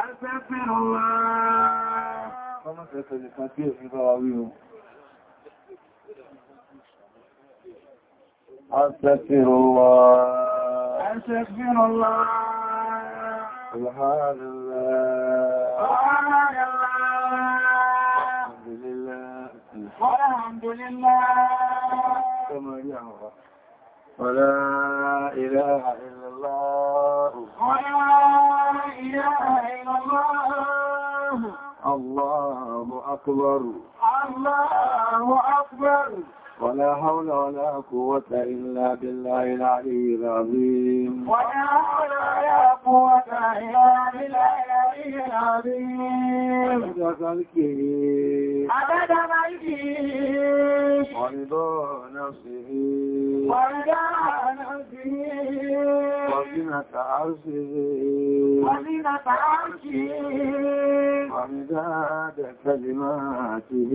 أستغفر الله أستغفر الله سبحان الله سبحان الله الحمد لله والحمد لله كما يعرف ولا إله إلا الله ولا إله الله أكبر الله أكبر ولا حول ولا قوة إلا بالله العلي العظيم ولا حول ولا قوة إلا بالله العظيم عدد مجيء ورضا نفسه ورضا نفسه وزنة عرشه وزنة عرشه ومداد كلماته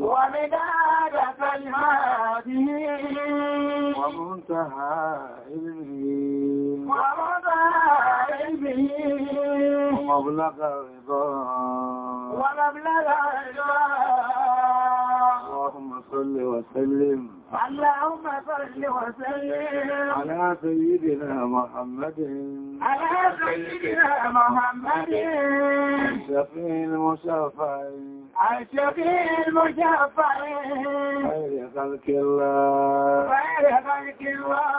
ومداد كلماته ومنتهى علمه ومنتهى علمه ومبلغ الرضا ومبلغ الرضا اللهم صل وسلم اللهم صل وسلم على سيدنا محمد على سيدنا محمد الشفيع المشفع الشفيع المشفع خير خلق الله خير خلق الله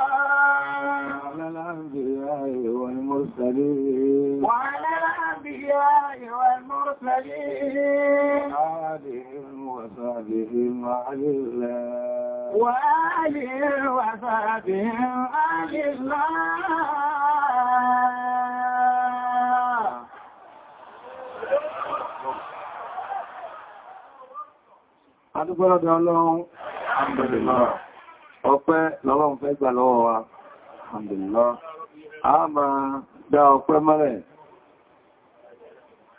وعلى الأنبياء والمرسلين وعلى الأنبياء والمرسلين آلهم وصحبهم وعلى الله وآله وصحبه آل الله Adúgbọ́lọ́dọ̀ Ọlọ́run, Alhamdulillah, ọpẹ́ lọ́lọ́run fẹ́ gbà lọ́wọ́ wa, Alhamdulillah, a máa dá ọpẹ́ mọ́rẹ̀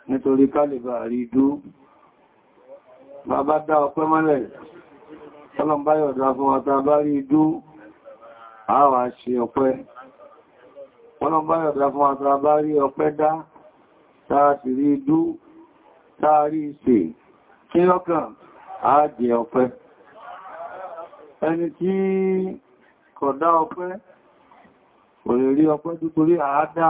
nítorí kálìbà rí dú, bàbá dá ọpẹ́ mọ́rẹ̀ ọlọ́mbáyọ̀ ọ̀dá fún wata bá rí idú àwà ṣe ọpẹ́ ọlọ́mbáyọ̀ ọ̀dá fún wata bá rí ọpẹ́ dá táà sì rí idú táà rí ìṣe kí lọ́kàn á jẹ ọpẹ́ ẹni tí kò dá ọpẹ́ kò lè rí ọpẹ́ nítorí àádá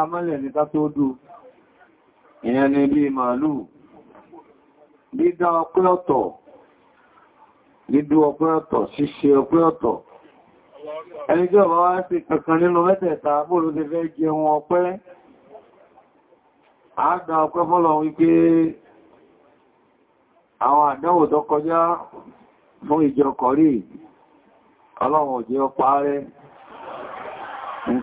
dídú ọpẹ́ ọ̀tọ̀ ṣíṣe ọpẹ́ ọ̀tọ̀ ẹni tí ọba wá sí kankan nínú mẹ́tẹ̀ẹ̀ta bóòlù ti fẹ́ jẹun ọpẹ́ àádá ọpẹ́ fọ́lọ̀ wípé àwọn àdánwò tó kọjá fún ìjọ kọrí ọlọ́run òjẹ́ ọpa rẹ̀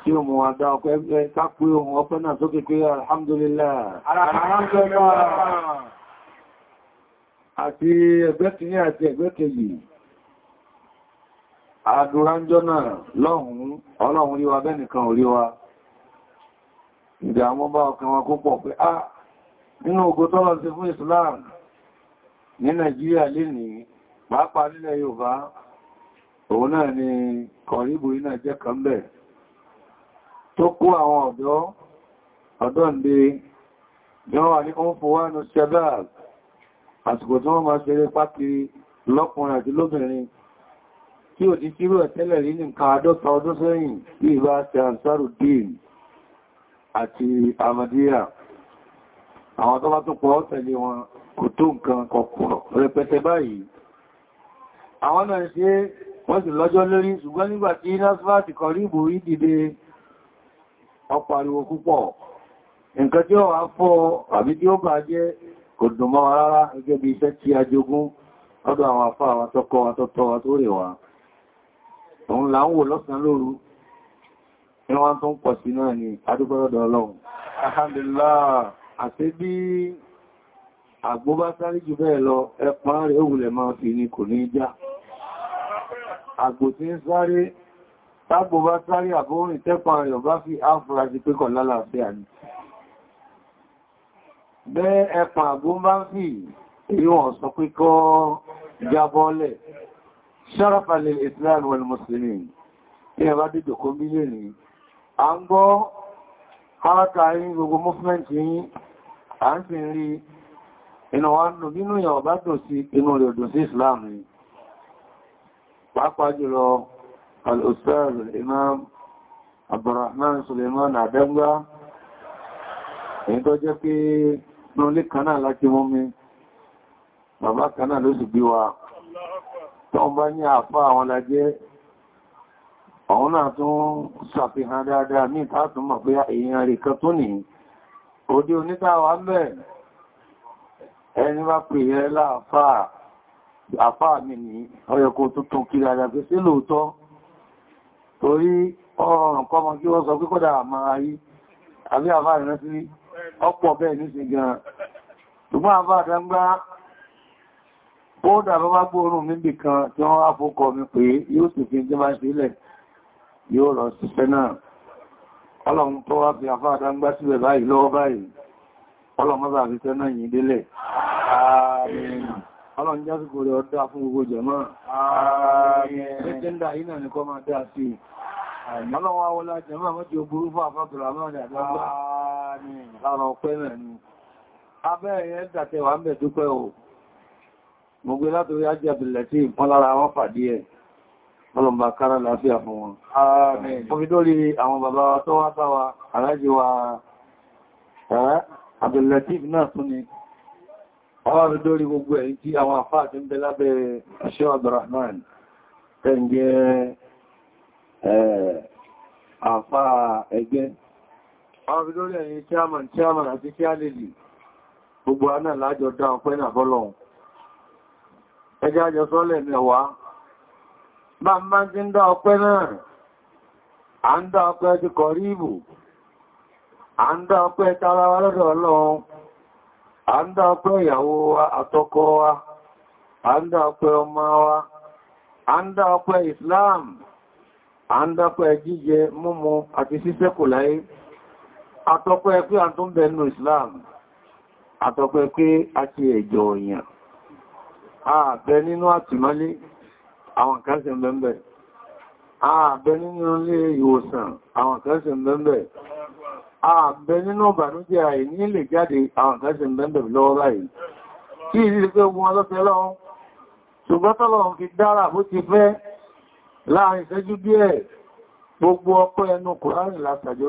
tí ó mú àdá ọpẹ́ kápẹ́ ohun ọpẹ́ náà sókè pé alhamdulillah alhamdulillah àti ẹgbẹ́ kìíní àti ẹgbẹ́ kejì àdúránjọ́ náà lọ́hùn ọlọ́hun ríwa bẹ́nìkan ò ríwa ìdàmú bá ọkàn wọn kó pọ̀ pé a ah, nínú ògo tọ́lọ̀ sí fún Islam ní Nàìjíríà lénìí pàápàá nílẹ̀ Yorùbá òun náà ni kọ̀ríbù iná jẹ́ kan bẹ̀ tó kó àwọn ọ̀dọ́ ọ̀dọ́ ǹdẹ́ yọ́n wà ní ó ń fowá àsìkò tí wọ́n máa ṣeré pákiri lọ́kùnrin àti lóbìnrin tí ò ti ṣírò ẹ̀tẹ́lẹ̀ rí ní nǹkan àádọ́ta ọdún sẹ́yìn bí ìbá ṣe àǹsárù dìín àti amadíyà àwọn tó bá tó pọ̀ tẹ̀lé wọn kò tó nǹkan kọ̀pọ̀ rẹpẹtẹ báyìí àwọn náà ṣe wọ́n sì lọ́jọ́ lórí ṣùgbọ́n nígbà tí nasfati kan púpọ̀ nǹkan tí ó wà fọ́ àbí tí ó bà jẹ́ kò dùn mọ́ rárá gẹ́gẹ́ bí iṣẹ́ tí a jogún ọdọ̀ àwọn afá wa tọ́kọ́ wa tọ́tọ́ wa tó rẹ̀ wá òun là ń wò lọ́sàn lóru ní tó ń pọ̀ sí náà ni adúgbọ́rọ̀dọ̀ ọlọ́run alhamdulillah àti bí àgbó bá sáré jù bẹ́ẹ̀ lọ ẹpọn rẹ̀ òwúlẹ̀ máa fi ní kò ní já àgbò tí ń sáré bẹ́ ẹ̀pà àgún bá ń fi ìwọ̀n sọ pé kọ́ jábọ́lẹ̀ ṣarafalẹ̀ islam wal muslimin tí ẹ bá dìjọ kó mílé ní a ń gbọ́ hátà yìí gbogbo movement yìí a ń fi rí inú wa nù nínú ìyàwó bá dùn sí inú rẹ̀ dùn sí islam ni pàápàá jùlọ al-ustaz imam abdurrahman suleiman adangba èyí tó jẹ́ pé náà lé kan náà láti mọ́ mi bàbá kan náà ló sì bí wa tọ́n bá ní àfá àwọn lájẹ́ àwọn náà tún ṣàfihàn dáadáa ní ìtàtún mọ̀ pé èèyàn rẹ̀ kan tó nìí òdí onítàwà mẹ́ ẹni bá pè yẹ láàfáà mi ní ọyọ̀kọ́ tuntun kí dáadáa sí lóòótọ́ torí ọ̀rọ̀ kọmọ kí wọ́n sọ pé kọ́dà ọ̀pọ̀ bẹ́ẹ̀ ní sí gan ṣùgbọ́n àbá àdágbá ó dàbá bá gbóòrùn níbì kan tí wọ́n wá fókọ mi pé yóò sì fi jẹ́ bá sílẹ̀ yóò lọ síṣẹ́ náà ọlọ́run tó wá fi àfá àdágbá sílẹ̀ báyìí lọ́wọ́ báyìí ọlọ́run mọ́bà fi tẹ́ náà yìí délẹ̀ ọlọ́run jásìkò rẹ̀ ọdá fún gbogbo jẹ̀mọ́ ọlọ́run Ara ọpẹ́ náà ni. Abẹ́ ẹ̀yẹ dàtẹ̀ wà ń bẹ̀ dúpẹ́ o. Mo gbé látorí ajábìlẹ̀ tí ìpọ́n lára wọn pàdé ẹ̀. Ọlọ́mbà kára láàfíà fún wọn. Mo fi dórí àwọn bàbá tó wá bá wa, àrájí wa, Abdullatif náà tún ni. Àwọn àfi dórí gbogbo èyí tí àwọn àfáà ti ń bẹ lábẹ́ Ṣọ́ Abdurrahman, tẹ́ ń jẹ́ àfáà ẹgbẹ́. àwọn bí lórí chairman chairman àti chairlady gbogbo aná lájọ dá ọpẹ́ náà fọ́lọ́run ẹjá àjọ sọ́lẹ̀ mẹ́wàá bá ń bá ti ń dá ọpẹ́ náà à ń dá ọpẹ́ ti kọ̀ rí ìbò à ń dá ọpẹ́ wa lọ́dọ̀ ọlọ́run à ń dá ọpẹ́ ìyàwó wa Islam àtọ́pẹ́ pé a tó ń bẹnu Islam àtọ́pẹ́ pé a ti ẹ̀jọ òyìn ààbẹ nínú àtìmọ́lé àwọn kan ṣe mẹ́mẹ́ ààbẹ nínú ilé ìwòsàn àwọn kan ṣe mẹ́mẹ́ ààbẹ nínú ìbànújẹ́ àìní lè jáde àwọn kan ṣe mẹ́mẹ́ lọ́wọ́ báyìí kí ìrírí pé wọn lọ́fẹ́ lọ́wọ́ ṣùgbọ́n láàrin ìṣẹ́jú díẹ̀ gbogbo ọpẹ́ ẹnu Kùránì látàjọ́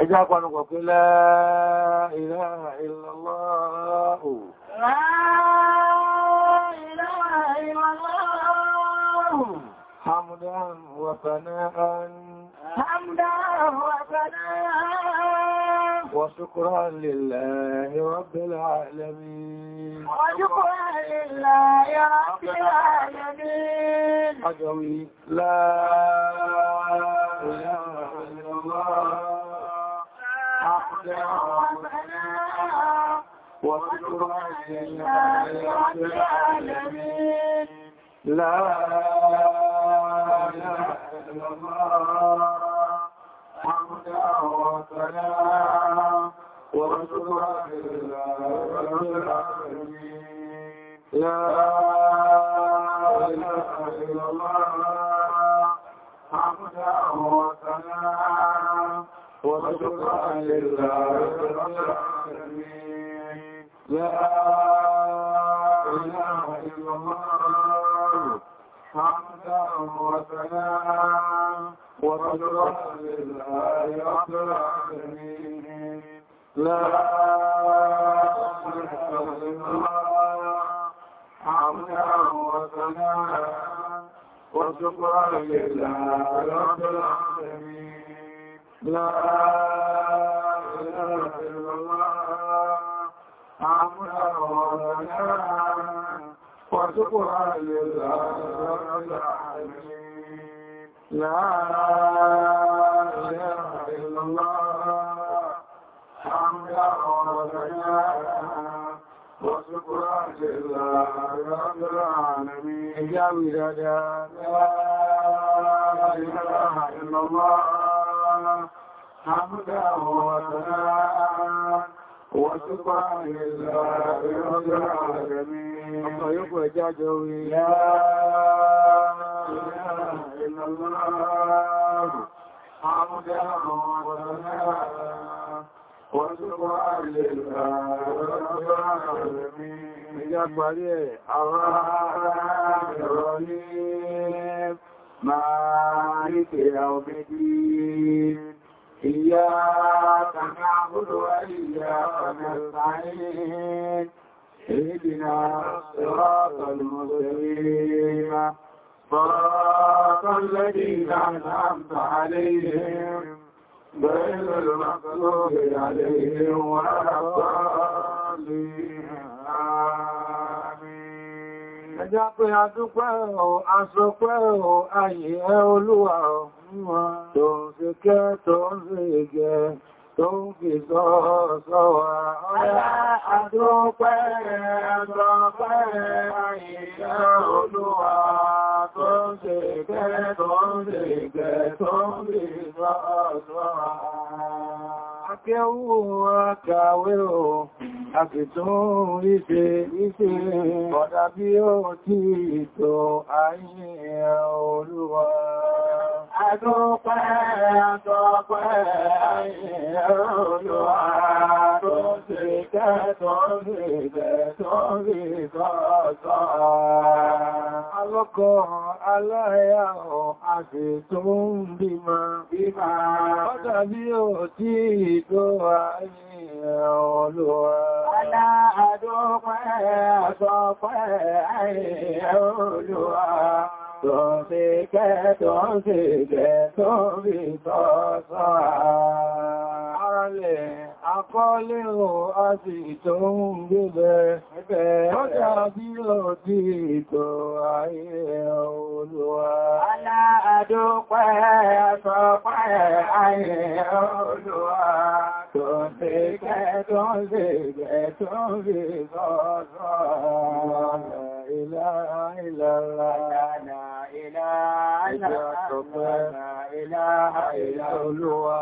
أجاب عنك لا إله إلا الله لا إله إلا الله حمدا وثناء حمدا وثناء وشكرا لله رب العالمين وشكرا لله رب العالمين أجوي لا إله إلا الله ربنا واتب علينا رب العالمين لا اله الا الله حمدا وسلام واتب علينا رب العالمين لا اله الا الله حمدا وسلام وشكرا لله رب العالمين لا إله إلا الله حمدا وثناء وشكرا لله رب العالمين لا إله إلا الله حمدا وثناء وشكرا لله رب العالمين لا إله إلا الله عمرا ولنا وسكرا لله العالمين لا إله إلا الله حمدا ولنا وسكرا لله العالمين يا ودادا لا إله إلا الله حمدا وثناء وشكرا لله رب العالمين يا اله الا الله حمدا وثناء وشكرا لله رب العالمين يا بريء الرحمن الرحيم مالك يوم الدين إياك نعبد وإياك نستعين اهدنا الصراط المستقيم صراط الذين أنعمت عليهم غير المغضوب عليهم ولا الضالين Ẹjá pé a dúpẹ́ ọ̀, a sọ pé ọ̀, ayé ẹ olúwa ọ̀ tó ń ṣe kẹ́ tó ń ṣe ìgẹ́ tó ń fi sọ́ọ̀sọ́ wa. Ọlá a dúpẹ́ rẹ̀, a sọ pé ayé ẹ olúwa, tó ń ṣe kẹ́ tó ń ṣe ìgẹ́ tó ń fi sọ́ọ̀sọ́ wa. Akẹ́wò akàwérò, àfẹ́tún ríṣe ríṣe ọ̀dá bí ó tí ìtò ayé olúwa. Adúpẹ́ àtọ́pẹ́ ayé olúwa ṣe kẹ́tọ́ rí ìbẹ̀tọ́ rí ìtọ́ọ̀tọ́. bí ó tí ìtò Olúwa ayé Olúwa. Aláàdúpẹ́ àsọpẹ́ ayé Olúwa. Tó ń fi kẹ́ tó ń fi kẹ́ tó ń fi tọ́ sọ́ra. Ọ̀rọ̀lẹ̀. Akọ́lérò a sì ìtò ń gbébẹ̀, ọjà bí ó di ìtò ayé olúwa. Aláàdó pẹ́ ẹ̀sọ pẹ́ ayé olúwa tó fi kẹ́ tó fi gbẹ́ tó fi sọ́sọ́ ìlàrá ìlàrá ìlàrá ìlàrá ìlàrá olúwa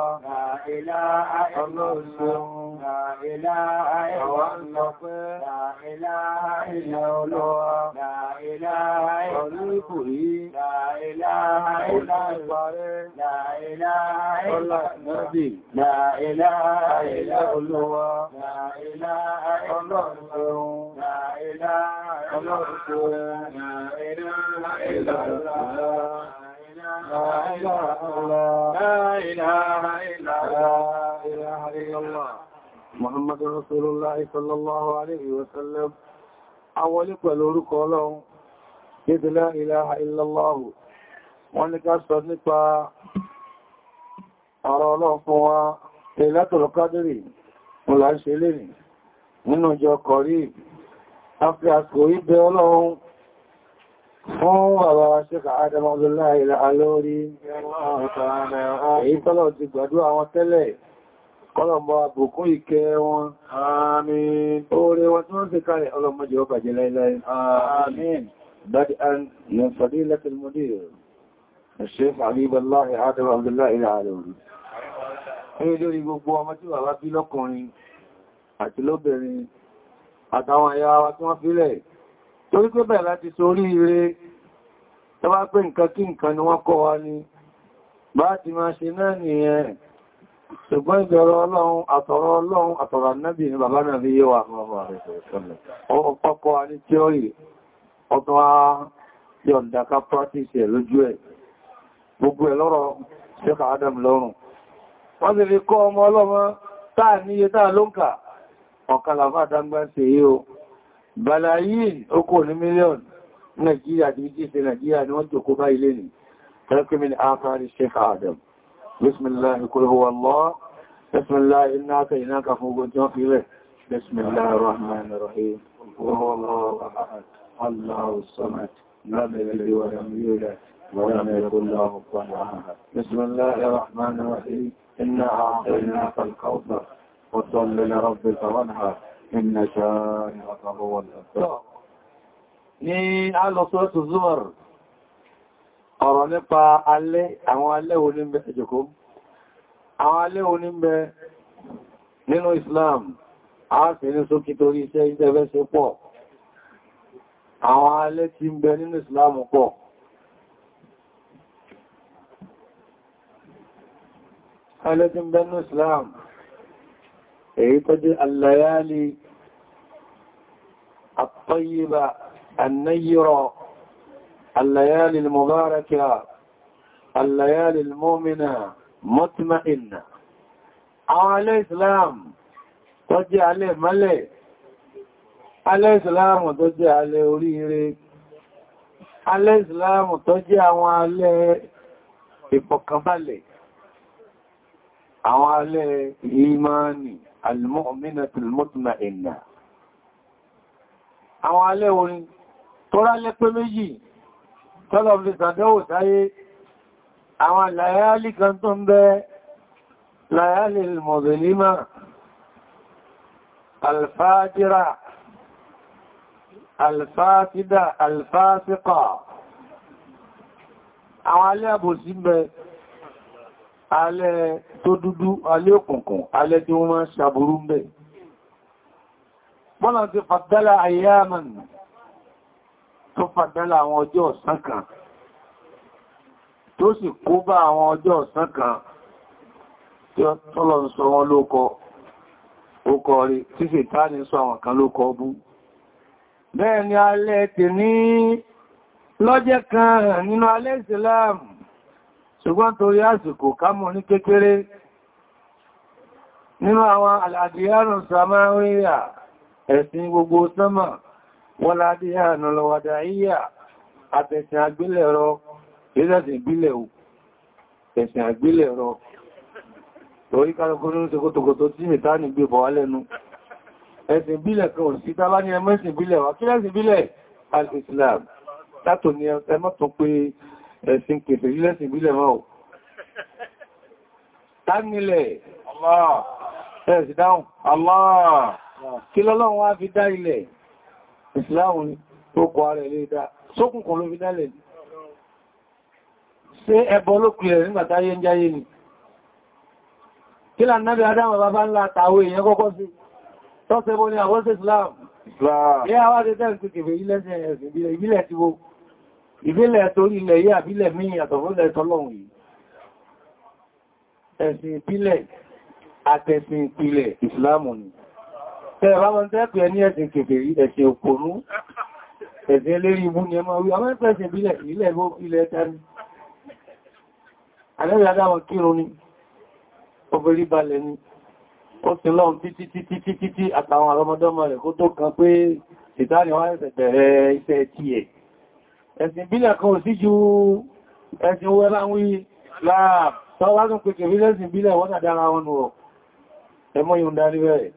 ìlàrá ọlọ́sùn ìlàrá ìwọ̀n lọ́pẹ́ ìlàrá ìlà olúwa ìlàrá ọlọ́kùnrí ìlàrá ìlàrá ìparí ìlàrá ìlàrá ilá olówó, ilá ọlọ́run, ilá ọlọ́run, لا إله إلا لا إله إلا لا إله إلا الله محمد رسول الله صلى الله عليه وسلم àwọn pẹ̀lú orúkọ ọlọ́run ìdí la ilaha illallahu wọ́n ní ká sọ nípa ọ̀rọ̀ ọlọ́run fún wa Lailatul Qadri ọlá ń ṣe lè rìn nínú ọjọ́ kọrí àfi àsìkò ìbẹ̀ ọlọ́run fún bàbá wa ṣíkà Adamu Abdullahi ilẹ̀ alórí èyí tọ́lọ̀ ti gbàdúrà wọn tẹ́lẹ̀ kọlọ̀mọ́ àbùkún ìkẹ́ wọn àmín oore wọn tí wọ́n ti kàrẹ̀ ọlọ́mọdé ọba jẹ láìláì àmín بدءا Eré lórí gbogbo ọmọ tí bàbá bí lọ́kùnrin àti lóbìnrin àtàwọn àyà wa tí wọ́n fílẹ̀. Torí pé bẹ̀rẹ̀ láti sórí ire, tó bá pé nǹkan kí nǹkan ni wọ́n kọ́ wa ni, bá ti máa ṣe náà nìyẹn. Ṣùgbọ́n ìbẹ̀rọ Ọlọ́run, àtọ̀rọ Ọlọ́run, àtọ̀rọ Ànábì ni bàbá náà fi yé wa. Ọ̀pọ̀pọ̀ wa ní tíọ́rì, ọ̀tọ̀ wa yọ̀ǹdà ká practice ẹ̀ lójú ẹ̀. Gbogbo ẹ̀ lọ́rọ̀ Sheikh Adam lọ́rùn wọ́n ti fi kọ́ ọmọ ọlọ́mọ táà níye táà ló ń kà ọ̀kàlàfà dágbà ṣe yí o balayin okò ní mílíọ̀nù nàìjíríà tí jí ṣe nàìjíríà ni wọ́n jòkó bá ilé ni tẹ́kùnmí ni àfàrí sheikh adam bismillah الله huwallah bismillah ináka ináka fún ogun tí wọ́n fi rẹ̀ bismillah rahman إنا أعطيناك الكوثر وصل لربك وانحر إن شانئك هو الأبتر ni a lọ sọ́rọ̀tù zuwar ọ̀rọ̀ nípa alẹ́ àwọn alẹ́ òní ń bẹ ẹjọ́kó àwọn alẹ́ òní ń bẹ nínú Islam a fi ní sókí torí iṣẹ́ ìjẹ́fẹ́ sí pọ̀ àwọn alẹ́ tí ń bẹ nínú Islam pọ̀ ẹlẹ́dín bẹ́nu Islam èyí tó jẹ́ alayali àtọ́yíba annayírọ̀ alayali mubaraka alayali mọ́mìnà mọ́tíma'ina àwọn alẹ́ Islam tó jẹ́ alẹ́ mọ́lẹ̀ alẹ́ Islam tó jẹ́ alẹ́ oríire alẹ́ Islam tó jẹ́ àwọn alẹ́ ìfọ̀kànbalẹ̀ àwọn alẹ́ ìmáni almu'minatul mutma'inna àwọn alẹ́ orin tó rálẹ́ pé méjì tọ́lọ̀bí sàdẹ́wò sáyé àwọn làyálì kan tó ń bẹ làyálì mọ̀bẹ̀límà alfájírà alfáfídà alfáfíkà àwọn alẹ́ àbòsí bẹ̀rẹ̀ alẹ́ tó dúdú alẹ́ òkùnkùn alẹ́ tí wọ́n máa ṣàbúrú ń bẹ̀. bọ́nà ti fàdálà ayyaman tó fàdálà àwọn ọjọ́ ọ̀sán kan tó sì kó bá àwọn ọjọ́ ọ̀sán kan tí ó tọ́lọ̀ ń sọ wọn lókọ ókọ rí tí fètáni sọ àwọn kan lókọ bú bẹ́ẹ̀ ni alẹ́ tè ní lọ́jẹ́ kan nínú alẹ́ ìsìláàmù ṣùgbọ́n torí àsìkò kámù ní kékeré nínú àwọn al'adìyàrùn samaria ẹ̀sìn gbogbo sánmà wọ́n ládìyàrùn lọ́wọ́dá yíyà àtẹ̀sìn àgbélẹ̀rọ ìrẹ́sìn ìbílẹ̀ ẹ̀sìn àgbélẹ̀rọ torí kálùkù ní ṣe kótókótó tí mìta ní gbé bọ̀ wálẹ́nu ẹ̀sìn ìbílẹ̀ kan ò sí tábá ní ẹmẹ́sìn ìbílẹ̀ wà kí lẹ́sìn ìbílẹ̀ al-Islam látò ní ẹmọ́ tó pé ẹ̀sìn pèsè sílẹ̀sìn ìbílẹ̀ máa ò tánilẹ̀ ẹ̀sì dáhùn aláà kí lọ́lọ́run wá fi dá ilẹ̀ ìsìláhùn ni tó kọ ara ilé dá sókùnkùn ló fi dálẹ̀ ni ṣé ẹbọ ló pìlẹ̀ nígbàtá yẹ ń jáyé ni kí là nábi adáma bàbá ńlá àtàwé èèyàn kọ́kọ́ sí tọ́sẹ̀bọ́ ni àwọn sí islam ìyá wá ìbílẹ̀ torí ilẹ̀ yí àbílẹ̀ mí àtọ̀fúnlẹ̀ tọ́lọ́run yìí ẹ̀sìn ìpìlẹ̀ àtẹ̀sìn ìpìlẹ̀ ìsìláàmù ni tẹ́ẹ̀bá mọ́ tẹ́ẹ̀pẹ̀ ní ẹ̀sìn kèfèrí ẹ̀sìn òpònú ẹ̀sìn eléri ibú ni ẹmọ orí àwọn ẹ̀sìn ìbílẹ̀ ilẹ̀ ilẹ̀ tani alẹ́gbẹ̀dá wọn kírun ni obìnrin balẹ̀ ni ó sì lọ́n títí títí títí àtàwọn àrọmọdọ́mọ rẹ̀ kó tó kan pé ìtàrí wọn ẹ̀sẹ̀ bẹ̀rẹ̀ iṣẹ́ tiẹ̀ ẹ̀sìn ìbílẹ̀ kan ò sí ju ẹ̀sìn owó ẹláwí láàá tọ́wọ́ tún pèkè rí lẹ́sìn ìbílẹ̀ wọ́n dára wọn rọ̀ ẹmọ́ yóò darí rẹ̀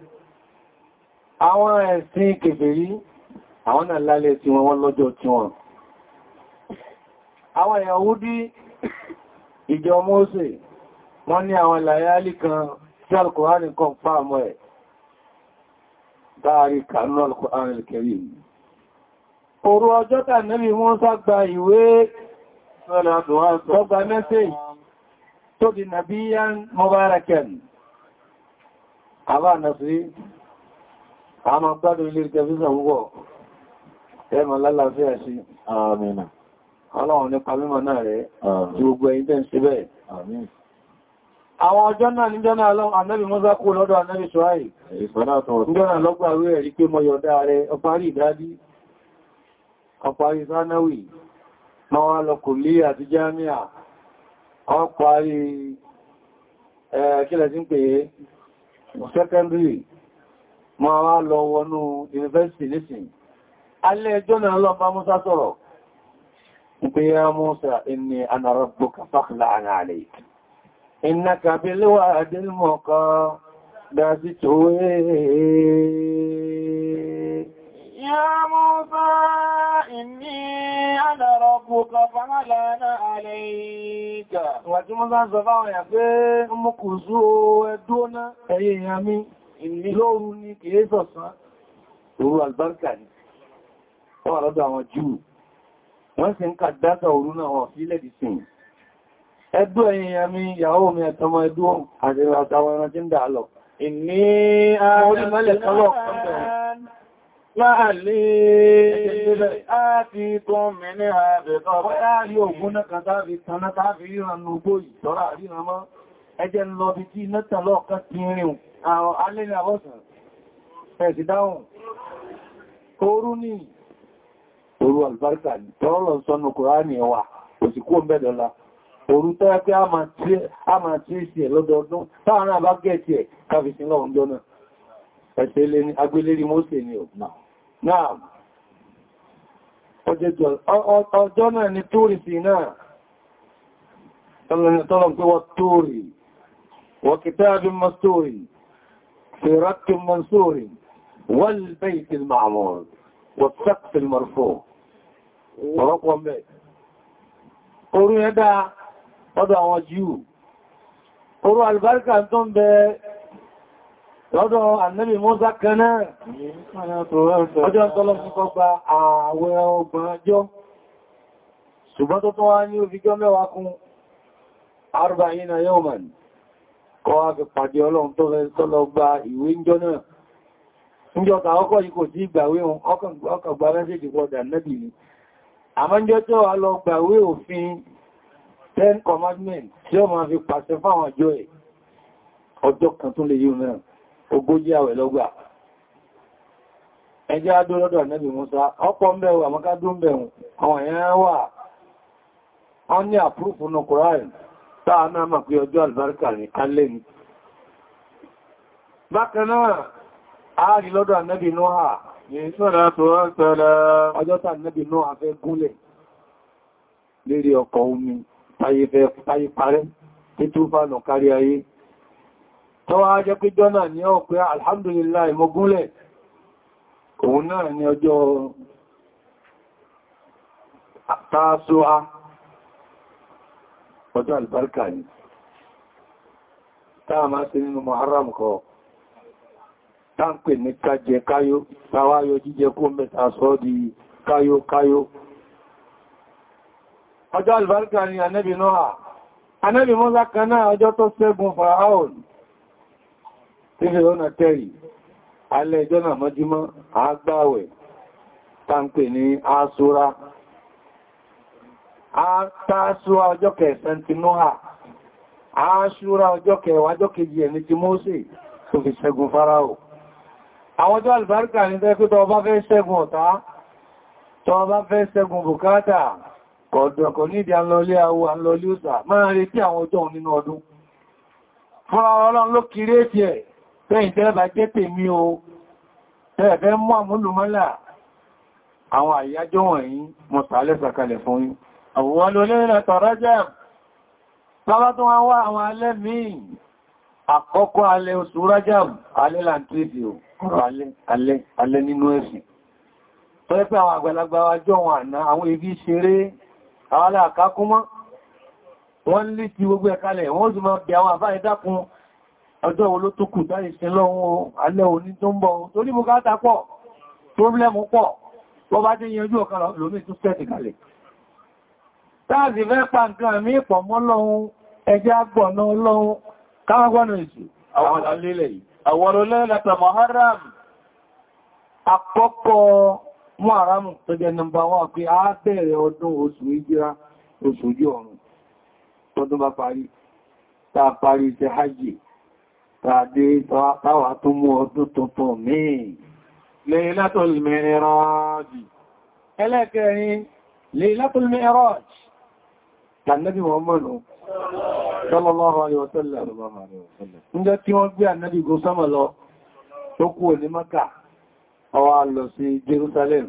àwọn ẹ̀sìn kèfèrí àwọn náà lálẹ́ tí wọ́n wọ́n lọ́jọ́ tí wọ́n àwọn Yahudi ìjọ Mósè wọ́n ní àwọn làyálì kan tí Al-Qur'an kan fáàmọ́ ẹ̀ dáàrí kanú Al-Qur'an al-Karim Òru ọjọ́ tàbí wọ́n sàgbà ìwé sọ́gbà mẹ́sẹ̀jì tó di nàbíyàn mọ́bárakẹ̀n. Àbá nàfí, a máa gbádùn ilé ìjẹfíṣà púpọ̀, ẹmọ lálàáfíà sí. Àmìnà. Ọlọ́run nípa mímọ̀ náà rẹ̀ tí gbogbo ẹ̀yin tẹ́ ń ṣe bẹ́ẹ̀. Àmín. Àwọn ọjọ́ náà ní jọ́nà alọ́run anẹ́bì Mùsá kú lọ́dọ̀ anẹ́bì Ṣuáì. Ìfẹ́ náà tọ̀rọ̀. Jọ́nà ọparí sánáwì máa wá lọ kò lé àti jámíà ọparí kílẹ̀ tí ń pè é secondary máa wá lọ wọnú university nísìn alẹ́ ẹjọ́ náà lọ bá Musa sọ̀rọ̀ pé ya Musa inni ana rabbuka fakhla'an alayk innaka bil wadil muqaddas tuwa eh, eh, eh, Ya Musa ìní àdàrọ̀ bùkọ̀ fánàlá náà alẹ́ aleika. Wà tí mo sáà sọ fáwọn èèyàn pé mú kù sú ẹdúnà ẹ̀yẹ èèyàn mi, ìní lóòrù ni kìí sọ̀sán. Òru àlùbáríkà ni, wọ́n wà lọ́dọ̀ àwọn Júù, wọ́n sì ń kà dáta òru náà wọ́n sílẹ̀ dì sí. Ẹdú èèyàn mi, ìyàwó mi ẹ̀tọmọ ẹdú àti àtàwọn ẹran ń dà lọ. Ìní àárín Láàlẹ́ àti gómi ní àbẹ̀tọ̀ bọ́yá rí ògùn náà kan tàbí tàná tàbí ríran ogbó ìtọ́rà ríran mọ́ ẹjẹ́ lọ bí tí mẹ́ta lọ́ọ̀ká ti rìn àwọn alẹ́ ní àwọ́sàn ẹ̀sì dáhùn. Orú ní orú albarka tọ́rọ sọ́nà Kùránì wà, òsìkú mẹ́dọ̀lá. Orú tẹ́ pé a máa tí sí ẹ̀ lọ́dọọdún, táwọn náà bá gẹ̀ẹ́sì ẹ̀ káfíṣínlọ́ náà ọjọ́ náà ni tóòrì sí náà tọ́lọ̀ pé wọ́n tóòrì wọ́n kitabin mastóòrì fèrèkì mọ́sóòrì wal bayti al-ma'mur wal saqfi al-marfu' ọ̀rọ̀pọ̀ mẹ́ orú ẹ̀dá ọdọ̀ àwọn jíù orú albarka tó ń bẹ́ẹ̀ lọ́dọ̀ annabi Musa kaná ọjọ́ tọ́lọ́ sí kọgbà ààwẹ̀ ọgbọ̀n ọjọ́ ṣùgbọ́n tó tó wá ní òfíjọ́ mẹ́wàá kún arba'ina yawman kọ́ wá fi pàdé ọlọ́run tó fẹ́ tọ́lọ gba ìwé ìjọ náà níjọ́ tàwọ́kọ́ yìí kò sí ìgbàwé ọkàgbà mẹ́sẹ̀jì pọ̀dà nẹ́bì ni àmọ́jọ́ tó ten commandments tí ó máa fi pàṣẹ fáwọn àjọ ẹ̀ ọjọ́ kan tún lè yíò náà ogójì àwẹ̀ lọ́gbà ẹjẹ́ adó lọ́dọ̀ nẹ́bì Musa ọ̀pọ̀ mẹ́wù àmọ́kádún bẹ̀rùn àwọn èèyàn wà wọ́n ní àpúrùfù ní Kùránì táà náà mà pé ọjọ́ àlùbáríkà ní kálẹ̀ ní bákan náà ààrí lọ́dọ̀ nẹ́bì Nóhà ọjọ́ tà nẹ́bì Nóhà fẹ́ gúnlẹ̀ tọ́wọ́ ajẹ́ pé jọ́nà ní ọ pé alhamdulillah ìmọ̀gúnlẹ̀ òun náà ni ọjọ́ tààsùá ọjọ́ albarka ni táà máa ṣe nínú Muharram kọ táǹpẹ̀ ní kájẹ káyó tàwáyọ jíjẹ kó mẹ́ta sọ di káyó káyó ọjọ́ albarka ni anẹ́bì náà anẹ́bì mọ́lá kan náà ọjọ́ tó ṣẹ́gun faraon nífẹ́ lọ́nà tẹ́rì alẹ́ ìjọ́ náà mọ́jímọ́ àgbàwẹ̀ tàǹpẹ̀ ní asúra àtàṣúra ọjọ́ kẹsàn ti nóhà àṣúra ọjọ́ kẹwàá ọjọ́ kejì ẹni ti Mósè tó fi ṣẹ́gun Fáráò àwọn ọjọ́ alìbáríkà ní tẹ́ tó bá fẹ́ ṣẹ́gun ọ̀tá tó bá fẹ́ ṣẹ́gun bùkátà kọ̀dọ̀kọ̀ nídìí àlọlé àwọ àlọlé òsà máa tẹ́yìn tẹ́ẹ̀bà jẹ́ tèmi o tẹ́ẹ̀fẹ́ mú àmúlùmọ́là àwọn àyájọ́ wọ̀nyí mọ̀sálẹ́ sàkalẹ̀ fún yín àwọn olóòrìn àtọ̀rọ́jẹ́ tọ́bá tó wá wá àwọn alẹ́ míì àkọ́kọ́ alẹ́ oṣù rájàm alẹ́ làntíìdì ò alẹ́ nínú ẹ̀sìn tó ẹ́ pé àwọn àgbàlagbà wájọ́ wọn àná àwọn ibi ọjọ́ wo ló tó kù dá ìsin lọ́wọ́ alẹ́ òní tó ń bọ̀ torí mú káàtà pọ̀ pọ́blẹ́mù pọ̀ wọ́n bá jẹ́ yanjú ọ̀kan lómi tó sẹ́ẹ̀tì kalẹ̀ táàzì fẹ́ pa nǹkan mí pọ̀ mọ́ lọ́hun ẹjẹ́ agbọ̀nà lọ́hun káwàgbọ́nà ìsù àkọ́kọ́ Muharram tó jẹ́ nọmbà wọ́n pé a bẹ̀rẹ̀ ọdún oṣù ìjírá oṣù ojú ọ̀run tọdún bá parí tàà parí ti hajji tàbí tàwà tó mú ọdún tuntun míì Laylatul Mi'raj ẹlẹ́kẹrin Laylatul Mi'raj Ànábì Muhammad sallallahu alaihi wasallam ǹjẹ́ tí wọ́n gbé Ànábì go sama lọ tó kú ní Mákà ó wá lọ sí Jerusalem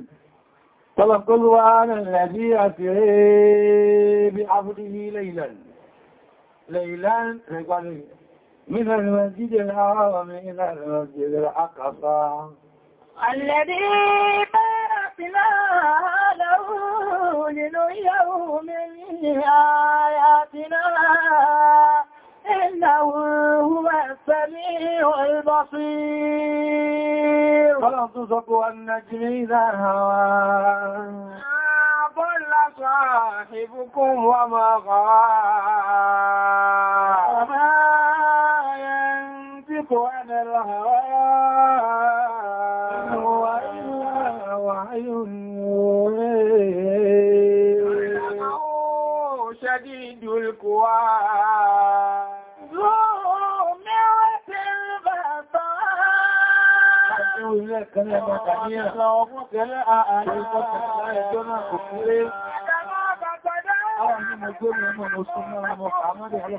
Tọ́lọ̀kọ́lù wa rẹ̀ rẹ̀ bí rẹ̀ bí a ní ilẹ̀ ìlànà. rẹ̀ gbáyé من المسجد الحرام إلى المسجد الأقصى الذي باركنا له لنريه من آياتنا إنه هو السميع البصير فلتصب النجم إذا هوى ضل صاحبكم وما غاب عن الهوى وإلا وحي شديد القوى ذو مرة البصر Àwọn ọmọ ìgbóhùn ọmọ Mùsùlùmí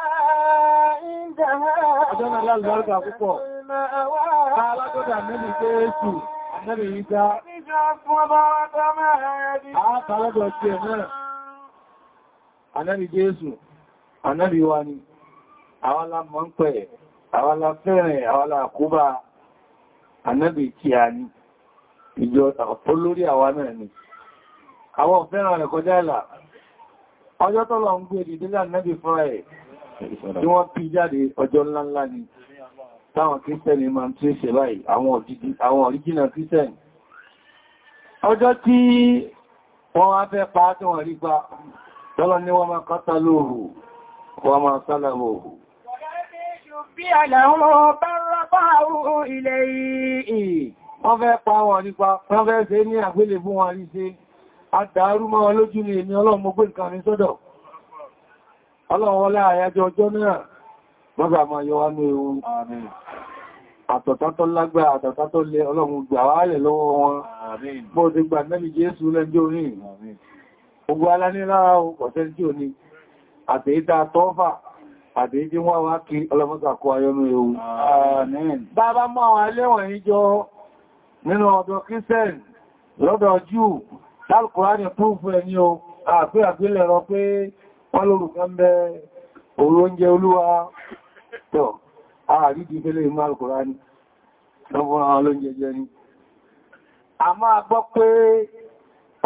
Ọjọ́ náà lálùbáríkà púpọ̀. Ta alágbọ́dà nínú pé èsù, àmẹ́bì yìí dá. Àátàlọ́dọ̀ sí ẹ̀ náà. Ànábì Jésù, ànábì wa ni, àwọn alámọ́ ń pẹ̀, àwọn aláfẹ́rẹ̀, àwọn alákúbà, ànábì kí a ní, ìjọ olórí àwa náà ni. Àwọn ọ̀fẹ́ràn rẹ̀ kọjá ìlà, ọjọ́ tọ́lọ ń gbé ìdílé ànábì fún ẹ̀ tí wọ́n pí jáde ọjọ́ ńláńlá ni táwọn kírísẹ́nì máa ń tún ṣe báyìí àwọn original kírísẹ́nì ọjọ́ tí wọ́n wá fẹ́ pa tí wọ́n rí gba tọ́lọ ní wọ́n máa kọ́ta lóòrù wọ́n máa sálàwò wọ́n fẹ́ pa wọn nípa wọ́n fẹ́ ṣe ní àgbélébú rí ṣe àdàrú mọ́ ọlọ́wọ́ láàáyájọ́ ọjọ́ náà mọ́gbà máa yọ wá ní ewu àtọ̀tátọ́ lágbà àtọ̀tátọ́ lẹ ọlọ́run gbà wáyẹ̀ lọ́wọ́ wọn bó ti gbà náà Jésù lẹ́jọ́ rí ogun alánílára ọ̀sẹ̀ tí ò ní àtẹ́yíta tọ́fà àtẹ́yítí wọ́n wá kí ọlọ́mọ́sàkó ayọ́nú ewu bàbá mọ́ àwọn alẹ́wọ̀n ìjọ nínú ọ̀dọ̀ kírísẹ́n lọ́dọ̀ wọ́n lórúkọ ń bẹ́ òun oúnjẹ olúwa tọ́ ààrí di fẹ́lẹ̀ ìmú alùkùnrà ní ọgbọ́n àwọn olóúnjẹ jẹ ní a máa gbọ́ pé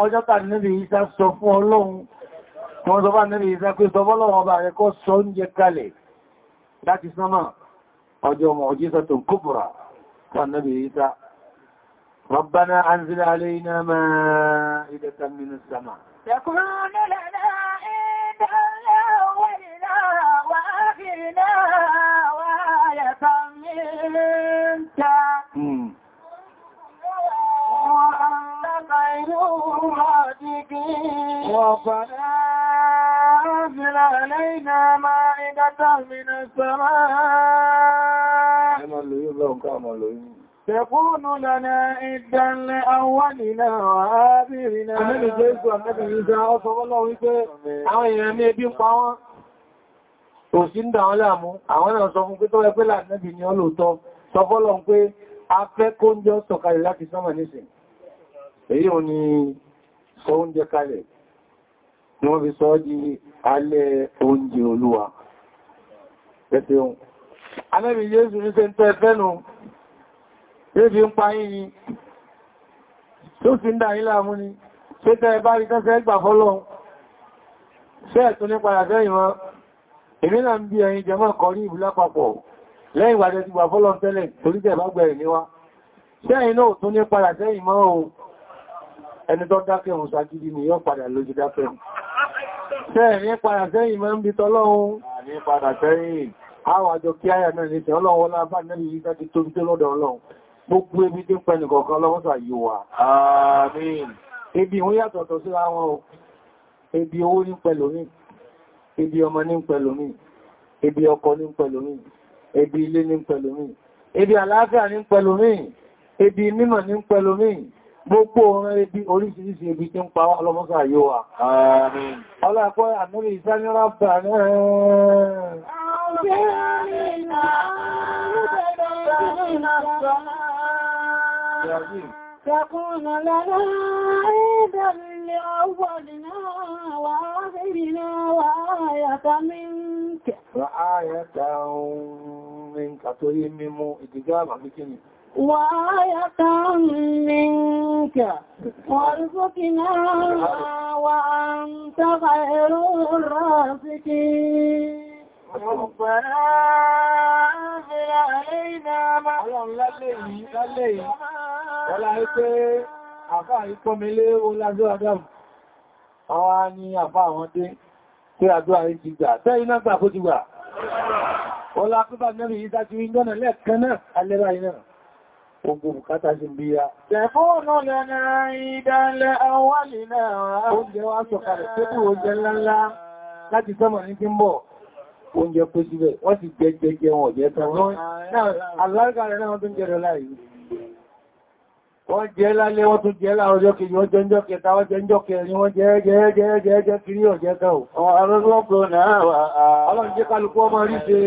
ọjọ́ tàbí níbi ìsá sọ fún ọlọ́run wọ́n sọ bá níbi ìsá pé sọ bọ́lọ́run ọba rẹ̀ kọ́ sọ oúnjẹ kalẹ̀ láti sánmà ọjọ́ ọmọ òjísọ tó kúbùrà fún níbi ìsá ربنا أنزل علينا مائدة من السماء يكون لنا ربنا أنزل علينا مائدة من السماء تكون لنا عدا لأولنا وآخرنا Àmẹ́lì Jésù, àmẹ́lì Ìjá, ọ́sọ̀ wọ́lọ́ wípé àwọn èèyàn ní ebi ń pa wọ́n, kò sí ń dà wọ́n láàmú, àwọn náà sọ fún pé tó ẹgbẹ́ láàrínẹ́bì ni ọlọ́tọ́, sọ fọ́lọ́ pé a fẹ́ kó ń jọ sọ̀kalẹ̀ láti sánmà nísìn. Èyí ò ní sọ oúnjẹ kalẹ̀, ni wọ́n fi sọ di alẹ́ oúnjẹ Olúwa. Ẹ ebi ń pa yìí ni tó sì ń dà ní láàmú ni ṣe tẹ́ bá rí tẹ́sẹ̀ gbà fọ́lọ́ ṣe ẹ̀tún ní padà sẹ́yìn wọn èmi náà ń bí ẹ̀yin jẹmọ́ kọrí ìlú lápapọ̀ lẹ́yìn ìgbàjẹ́ ti gbà fọ́lọ́ tẹ́lẹ̀ torí tẹ́ bá gbẹ̀rẹ̀ níwá sẹ́yìn náà tún ní padà sẹ́yìn mọ́ ni yóò padà lójú dákẹ́ sẹ́yìn padà sẹ́yìn mọ́ ń bi tọ́lọ́run àní padà sẹ́yìn àwọn àjọ kí áyà náà ní sẹ́ ọlọ́run wọlá bá nẹ́lì yìí tẹ́ ti tóbi tó lọ́dọ̀ ọlọ́run gbogbo ebi tí ń pẹ nìkọ̀ọ̀kan lọ́wọ́ sàyíwà àmín ebi ìwọ́n yàtọ̀tọ̀ sí àwọn ebi owó ní pẹ̀lú ní ebi ọmọ ní pẹ̀lú ní ebi ọkọ ní pẹ̀lú ní ebi ilé ní pẹ̀lú ní ebi àlàáfíà ní pẹ̀lú ní ebi mímọ̀ ní pẹ̀lú ní gbogbo ọ̀rọ̀ ebi oríṣiríṣi ebi tí ń pa ọlọ́mọ́sà yóò wà. ọlọ́pọ̀ àmúrí ìsáníra تكون لنا عيدا لأولنا وآخرنا وآية منك وآية منك أتوهي ممو إتجابة بكني وآية منك وارزقنا وأنت خير الرازقين ربنا أنزل علينا ما لليه لليه Wọ́lá ní pé àfá ìpọ́milé ó Adam. Àwọn ni àfá àwọn dé pé àjọ àrí ti gbà. Tẹ́ iná gbà kó ti gbà. Wọ́lá pípa mẹ́rin yìí dájú ìjọ́nà lẹ́ẹ̀kan náà alẹ́ra iná. Ogun bùkátà sí bí ya. Tẹ̀fóònù Oúnjẹ wá sọ̀kalẹ̀ wọ́n ti jẹ wọn jẹ tán wọ́n náà alágbàrẹ̀ náà tó ń jẹ́rọ láàrin wọ́n jẹ́ lálẹ́ wọ́n tún jẹ́ láàrọjọ́ kejì wọ́n jẹ́jọ́ kẹta wọ́n jẹ́jọ́ kẹrin wọ́n jẹ́ kiri ọ̀jẹ́ ká ò ọ̀rọ̀lọ́pọ̀ náà wà ọlọ́run jẹ́ kálukú ọmọ rí ṣe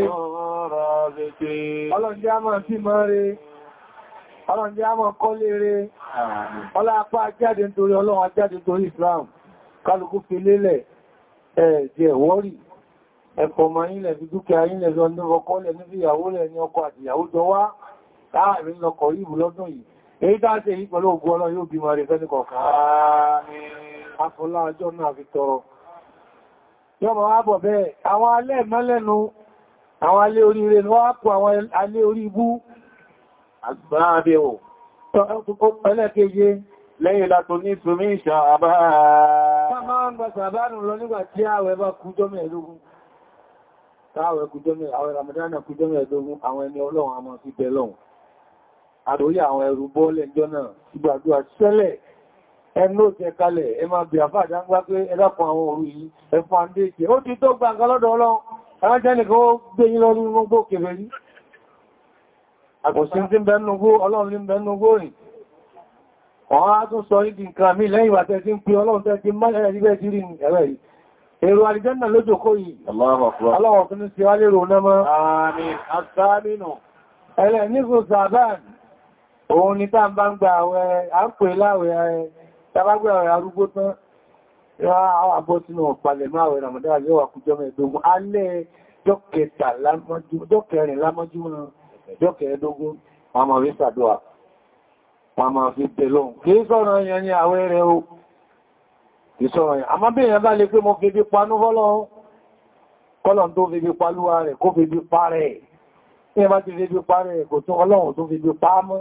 ọlọ́run jẹ́ a máa fi máa re ọlọ́run jẹ́ a Islam kálukú fi lélẹ̀ ẹ̀ẹ̀jẹ̀ wọ́rì ẹ̀kọ́ ma ilẹ̀ fi dúkìá ilẹ̀ lọ ní ọkọ́ lẹ̀ níbi ìyàwó lẹ̀ ní ọkọ àti ìyàwó jọ wá láàrin lọkọ̀ ìbù lọ́dún yìí èyí dáṣe yí pẹ̀lú ògbò ọlọ́ yóò bí mọ̀rẹ̀ fẹ́ nìkọ̀ọ̀kan afọ́lá ọjọ́ náà fi tọrọ yọ́ ma wá bọ̀ bẹ́ẹ̀ àwọn alẹ́ mọ́lẹ́nu àwọn alẹ́ oríire ni wọ́n kú àwọn alẹ́ orí ibú àgbàábẹ̀wò ẹlẹ́kẹ́yẹ lẹ́yìn látò ní ìsinmi ìṣà àbáà àròyé àwọn ẹrù bọ́ọ̀lẹ̀ ìjọ náà ìgbàdúrà sẹ́lẹ̀ ẹnú òjẹ kalẹ̀ ẹ máa bí àfáàdá ń gbá pé ẹlápọ̀ àwọn òru yìí ẹfún àndéèkì ó ti tó gbà lọ́dọ̀ ọlọ́run ẹ̀rọ́jẹ́ nìkan ó gbé yín lọ nínú gbó kèrè rí àkọ̀sí tí ń bẹ́nu gbó ọlọ́run ní bẹ́nu gbó rìn ọ̀hán á tún sọ ìdí nǹkan mi lẹ́yìn ìwà tẹ́ ti ń pe ọlọ́run tẹ́ ti máa ẹ̀rẹ́ rígbẹ́ jírí ẹ̀rẹ́ yìí èrò àlìjẹ́nà lójòkó yìí ọlọ́run tún ní sí wá lérò náà mọ́ àmì àtàmínù ẹ̀rẹ́ nígbò sàbáàmì òun ni tá ń bá ń gba àwẹ̀ àpò ìláwẹ̀ tàbágbé ọ̀rẹ́ arúgbó tán ra àbọ́ sínú ọ̀pàlẹ̀ máwẹ̀ Ramadan yóò wà kújọ mẹ́ẹ̀dógún alẹ́ jọ́kẹrin lámọ́júmọ́ jọ́kẹrẹdógún wọn máa fi ṣàdúà wọn máa fi bẹ̀lọ́n kì í sọ̀rọ̀ yẹn ní àwẹ̀ rẹ̀ o kì í sọ̀rọ̀ yẹn àmọ́ bí èèyàn bá lè pé mo fi tó fi bí palúwa rẹ̀ kó fi bí parẹ́ ẹ̀ bá ti fi bí parẹ́ kò tún ọlọ́run tó fi bí pa mọ́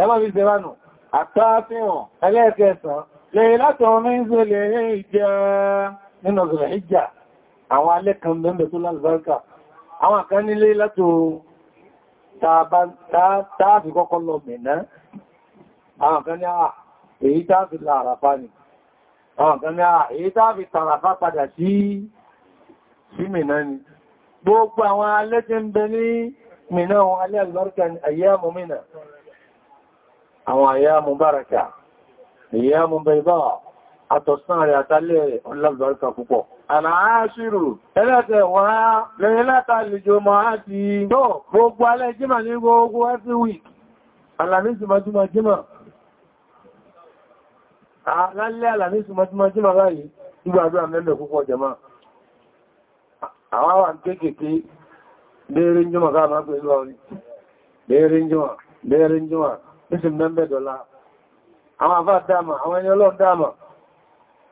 ẹmọ́ bí ṣe ránù àtàfihàn ẹlẹ́ẹ̀kẹsàn lè látọ̀rọ̀ mẹ́sọ lè rí ìjẹ́ nínú ọ̀sọ̀rọ̀ ìjà àwọn alẹ́ kan bẹ́m̀bẹ̀ tó lálùbáríkà àwọn kan nílé látò tààfi kọ́kọ́ lọ mẹ̀ná àwọn kan ní à ah, èyí tààfi làràfá ni àwọn kan ní à ah, èyí tààfi gbogbo àwọn alẹ́ ń bẹ ní mẹ̀ná àwọn alẹ́ àlùbáríkà ayé àmọ́mìnà àwọn àyá mubaraka ìyá mú bẹ̀bá àtọ̀sán rẹ̀ àtàlẹ̀ ọlọ́gbàríkà púpọ̀. Àlàáṣírù, ẹlẹ́tẹ̀ wá lẹ́yìn látàlejò máa ti tó gbogbo alẹ́ jímà ní gbogbo every week. Àlàmísì majúmọ̀ jímà. Lálẹ́ àlàmísì majúmọ̀ jímà báyìí, ìgbàdúrà mẹ́lẹ̀ púpọ̀ jẹma. Àwọn àwọn kéèkéé lérí jímà káà máa pẹ̀lú àwọn lérí sí mẹ́mẹ́ dọ́lá àwọn àfá dáàmà àwọn ẹni ọlọ́run dáàmà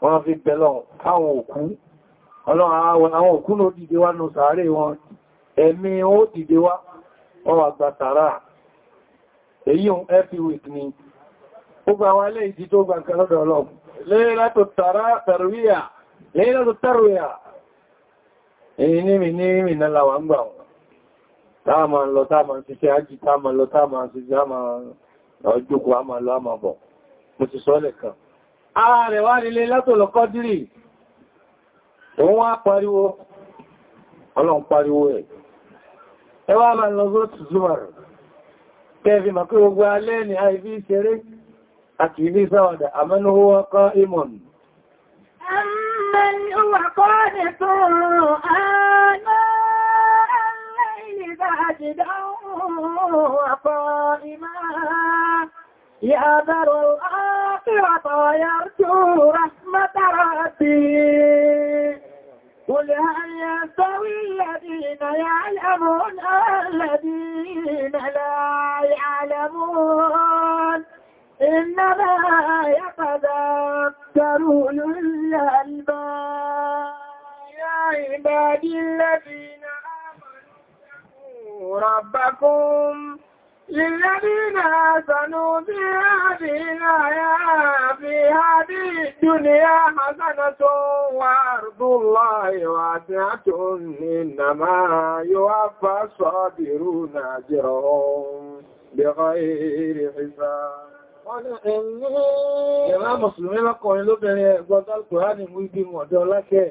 wọ́n fi bẹ̀lọ̀ káwọn òkú ọlọ́run àwọn òkú ló dìde wá nù sàárè wọn ẹ̀mí ó dìde wá wọ́n wà gba sàárà èyí un every week ni ó gba àwọn ilé ìdí tó gba nǹkan lọ́dọ̀ ọlọ́run Laylatu Tarwiyya Laylatu Tarwiyya èyí ní mi ní mi ọjọ́kù a máa lọ àmà bọ̀. Mo ti sọ kan. Ara rẹ̀ wá nílé látòlọ kọ́dírì. Òun wá pariwo, ọlọ́run pariwo ẹ̀. Ẹ wá máa lọ zó tù zúmà rẹ̀. Kẹfì gbogbo alẹ́ ni àìbí ìṣeré àti ilé sáwàdà àmẹ́nuwó kọ́ يأذر الآخرة ويرجو رحمة ربي قل هل يستوي الذين يعلمون الذين لا يعلمون إنما يتذكر أولو الألباب يا عبادي الذين آمنوا ربكم للذين آسنوا في هذه الآية في هذه الدنيا حسنة وأرض الله واسعة إنما يوفى الصابرون أجرهم بغير حساب Ẹ̀rọ Mùsùlùmí lọ́kọ̀ọ́rin lóbìnrin ẹ̀gbọ́n tálùkù rá ní mú ibi mọ̀dọ́ lákẹ́ẹ̀.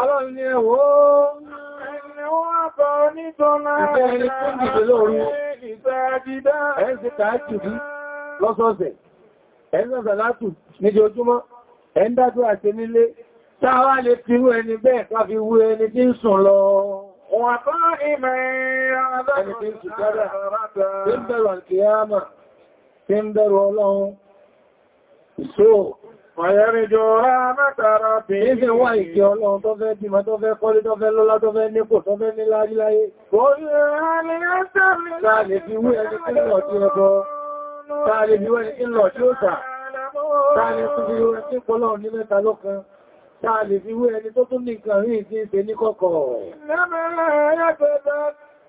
Ọlọ́run ni ẹ̀wọ́ ẹni wọ́n dájú àti nílé táwà lè fi rú ẹni bẹ́ẹ̀ ká fi wú ẹni tí ń sùn lọ wọ́n tán ìmẹ̀ ẹni tí ń tí ń bẹ̀rù Ọ̀yẹ́rìnjò rámẹ́ta rà bí i ṣe wá ìkẹ́ ọlọ́run tó fẹ́ bímọ tó fẹ́ kọ́lé tó fẹ́ lọ́lá tó fẹ́ nípò tó fẹ́ nílá rí láyé. Ó yẹ ẹni ẹ́sẹ̀ mi láàrín fi wú ẹni tí ń lọ tí ó bọ́, láàrín fi wú ẹni tí ń lọ tí ó tà, láàrín fi wú ẹni tí ń pọ́lọ́ ní mẹ́ta lọ́kan táà lè fi wé ẹni tó tún ní nǹkan rí ìdí ìpé ní kọ́kọ́. Lẹ́mẹ̀rẹ̀ ayẹ́gbẹ̀dẹ̀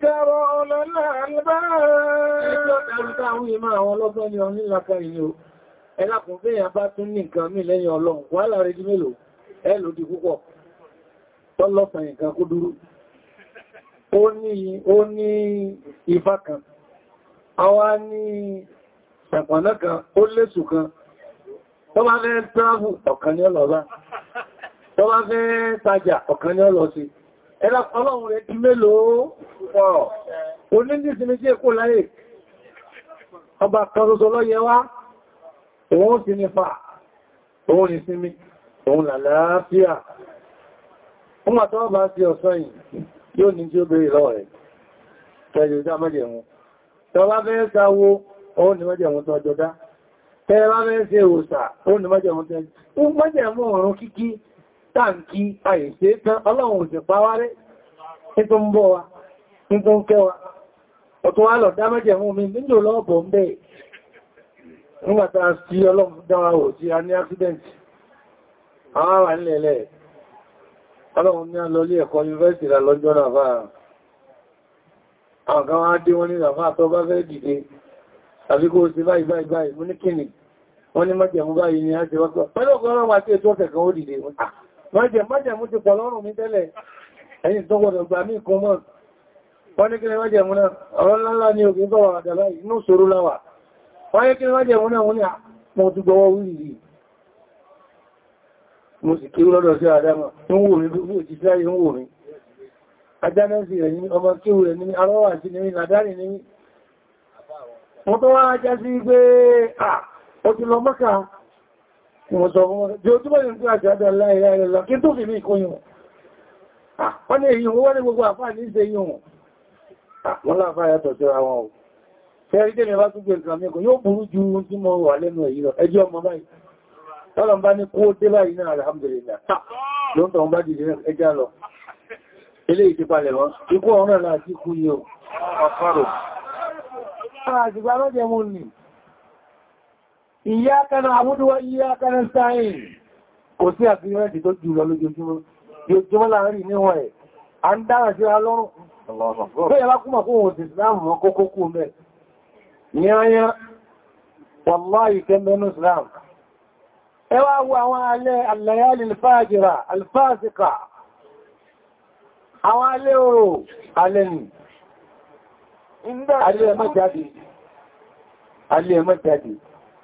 kẹrọ ọlọ́lá àlẹ́bẹ̀rẹ̀. Ẹjọ́ ẹlákùn fẹ́ yàn bá tún ní nǹkan mí lẹ́yìn ọlọ́run wà láàrin jí mélòó ẹ lòdì púpọ̀ tọ́lọ́sàn nǹkan kó dúró ó ní ifá kan àwa ní ṣàpàná kan ó lẹ́sù kan tó bá fẹ́ tráfù ọ̀kan ní ọlọ́lá tó bá fẹ́ tajà ọ̀kan ní ọlọ́sí ẹlákùn ọlọ́run rẹ̀ jí mélòó Òun ti nípa, òun ni sinmi, òun làlàáfíà. Ó máa tọ́wọ́ bá sí ọ̀sán yìí, yóò ní tí ó bèèrè lọ rẹ̀. kẹjọ ìdá wọn Tọ́wọ́ bẹ́ sáwó, òun ni mẹ́jẹ̀mú tó ọjọ́ dá. Tẹ́lá bẹ́ nígbàtà sí ọlọ́dáwò tí a ní áksidẹ̀ntì àwọn àwà nílẹ̀ ọlọ́run ní àlọ́lé ẹ̀kọ́ yúnivẹ́sìtì lọ́jọ́ ràfà wọ́n ní ràfà ni a ti wọ́pọ̀ pẹ́lú ọgọ́rọ̀ wà sí ètò ọ̀sẹ̀ kan ó dìde ah, májẹ̀mú ti pọ̀ lọ́rùn mi tẹ́lẹ̀ ẹ̀yìn tó gbọdọ̀ gbà mí kún mọ́ wọ́n ní kí ni májẹ̀mú náà ọ̀rọ̀ ńlá ní òkè bọ́wà àdàbáyìí inú ṣòro láwàá wáyé kí wọ́n jẹ́ wọn náà wọ́n ní àwọn ah, tó gbọ́wọ́ wúrì rí mo sì kí lọ́dọ̀ sí àdámà ń wò rí bí òjì sáyé ń wò rí ajánẹ́sì rẹ̀ ní ọmọ kíwù rẹ̀ ní arọ́wà sí ní àdárì ní wọ́n ajá sí pé ọdún ah, lọ mọ́ká ah, wọ́n sọ Fẹ́rí tẹ́lẹ̀ wá tó gbé nǹkan mẹ́kọ̀ yóò burú ju ohun tí mo wà lẹ́nu èyí lọ, ẹjọ́ ọmọ báyìí. Tọ́lọ̀n bá ní kó dé báyìí náà alhamdulillah. Lóńtọ̀ wọn bá dìde ẹjá lọ. Ilé ìtipalẹ̀ wọn, ikú ọ̀run náà láti kú yìí o. Ọ̀fọ́rò. Àṣìgbà lọ́jẹ́ mú nì. Ìyá kaná àmúdúwá ìyá kaná sáyìn. Kò sí àfihàn tó jù lọ lójoojúmọ́. Yóò láàárín níwọ̀n ẹ̀. À ń dára sí alọ́rùn. Bẹ́ẹ̀ bá kúmọ̀ kó wọn ti ìsìláàmù mọ́ ní ọyá wàláyì kẹmẹ́nú islam ẹ wá wo àwọn alẹ́ alayálì alfáàjìrà alfáàsìkà àwọn alẹ́ oòrò alẹ́ nì alẹ́ ẹmọ́jáde alẹ́ ẹmọ́jáde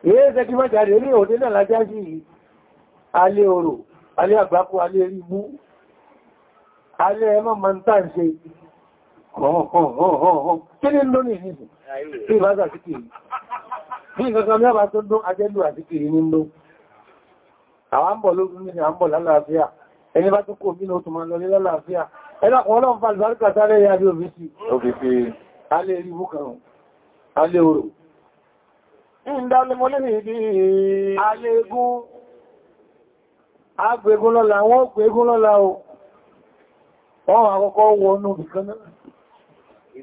èé ṣẹ́kí mọ́jáde rí òdé náà lájájí alẹ́ oòrò alẹ́ àgbákò alẹ́ rí mú alẹ́ ẹmọ́ mọ́ntàǹṣe Kí ni lónìí ìrìnbù? Tí bá sà síkìrì. Bí ìkankan mẹ́bàá tó dún ajẹ́lú àsíkìrì ní ló. Àwọn àmbọ̀ lórí ní àmbọ̀ lálàáfíà. Ẹni bá tó kò bí ní ó tún máa lọ ní lálàáfíà. Ẹlá kan ọlọ́run fa àlùbáríkà sáré ya bí òbí sí. Òbí sí. A lè rí búkàrùn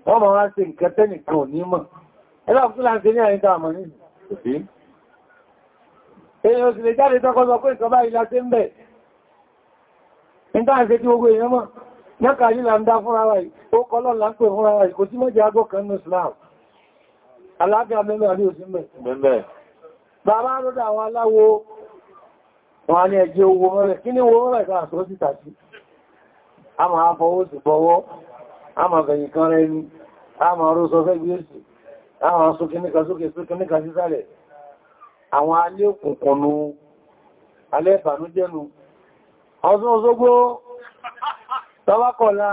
wọ́n máa wá sí nǹkan tẹ́nìkan ò ní mọ̀ ẹlọ́ fúnlá ń ṣe ní àyíká àmọ́ ní èyàn ò sì lè jáde tọ́kọ́ sọ pé ìkọba ìlà tí ń bẹ̀ nígbà ṣe tí gbogbo èèyàn mọ̀ mẹ́kà nílà ń dá fúnra wa yìí ó kọlọ́ lápẹ̀ fúnra wa yìí kò tí mọ́jẹ́ agbó kan ní Islam aláàbíà mẹ́mẹ́ àrí òsì mẹ́ bàbá lọ́dọ̀ àwọn aláwo wọn ni ẹ̀jẹ̀ owó mọ́rẹ̀ kí ni owó mọ́rẹ̀ ká àṣọ́ sí tàbí a a máa bẹ̀yìn kan rẹ̀ ní a máa rọ́ sọ fẹ́ gbé èsì a máa sókè níka sókè sókè níka sísàlẹ̀ àwọn alẹ́ òkùnkùnnú alẹ́ ìfànújẹ́nu ọdún ọzọ́gbó tọ́wákọ̀lá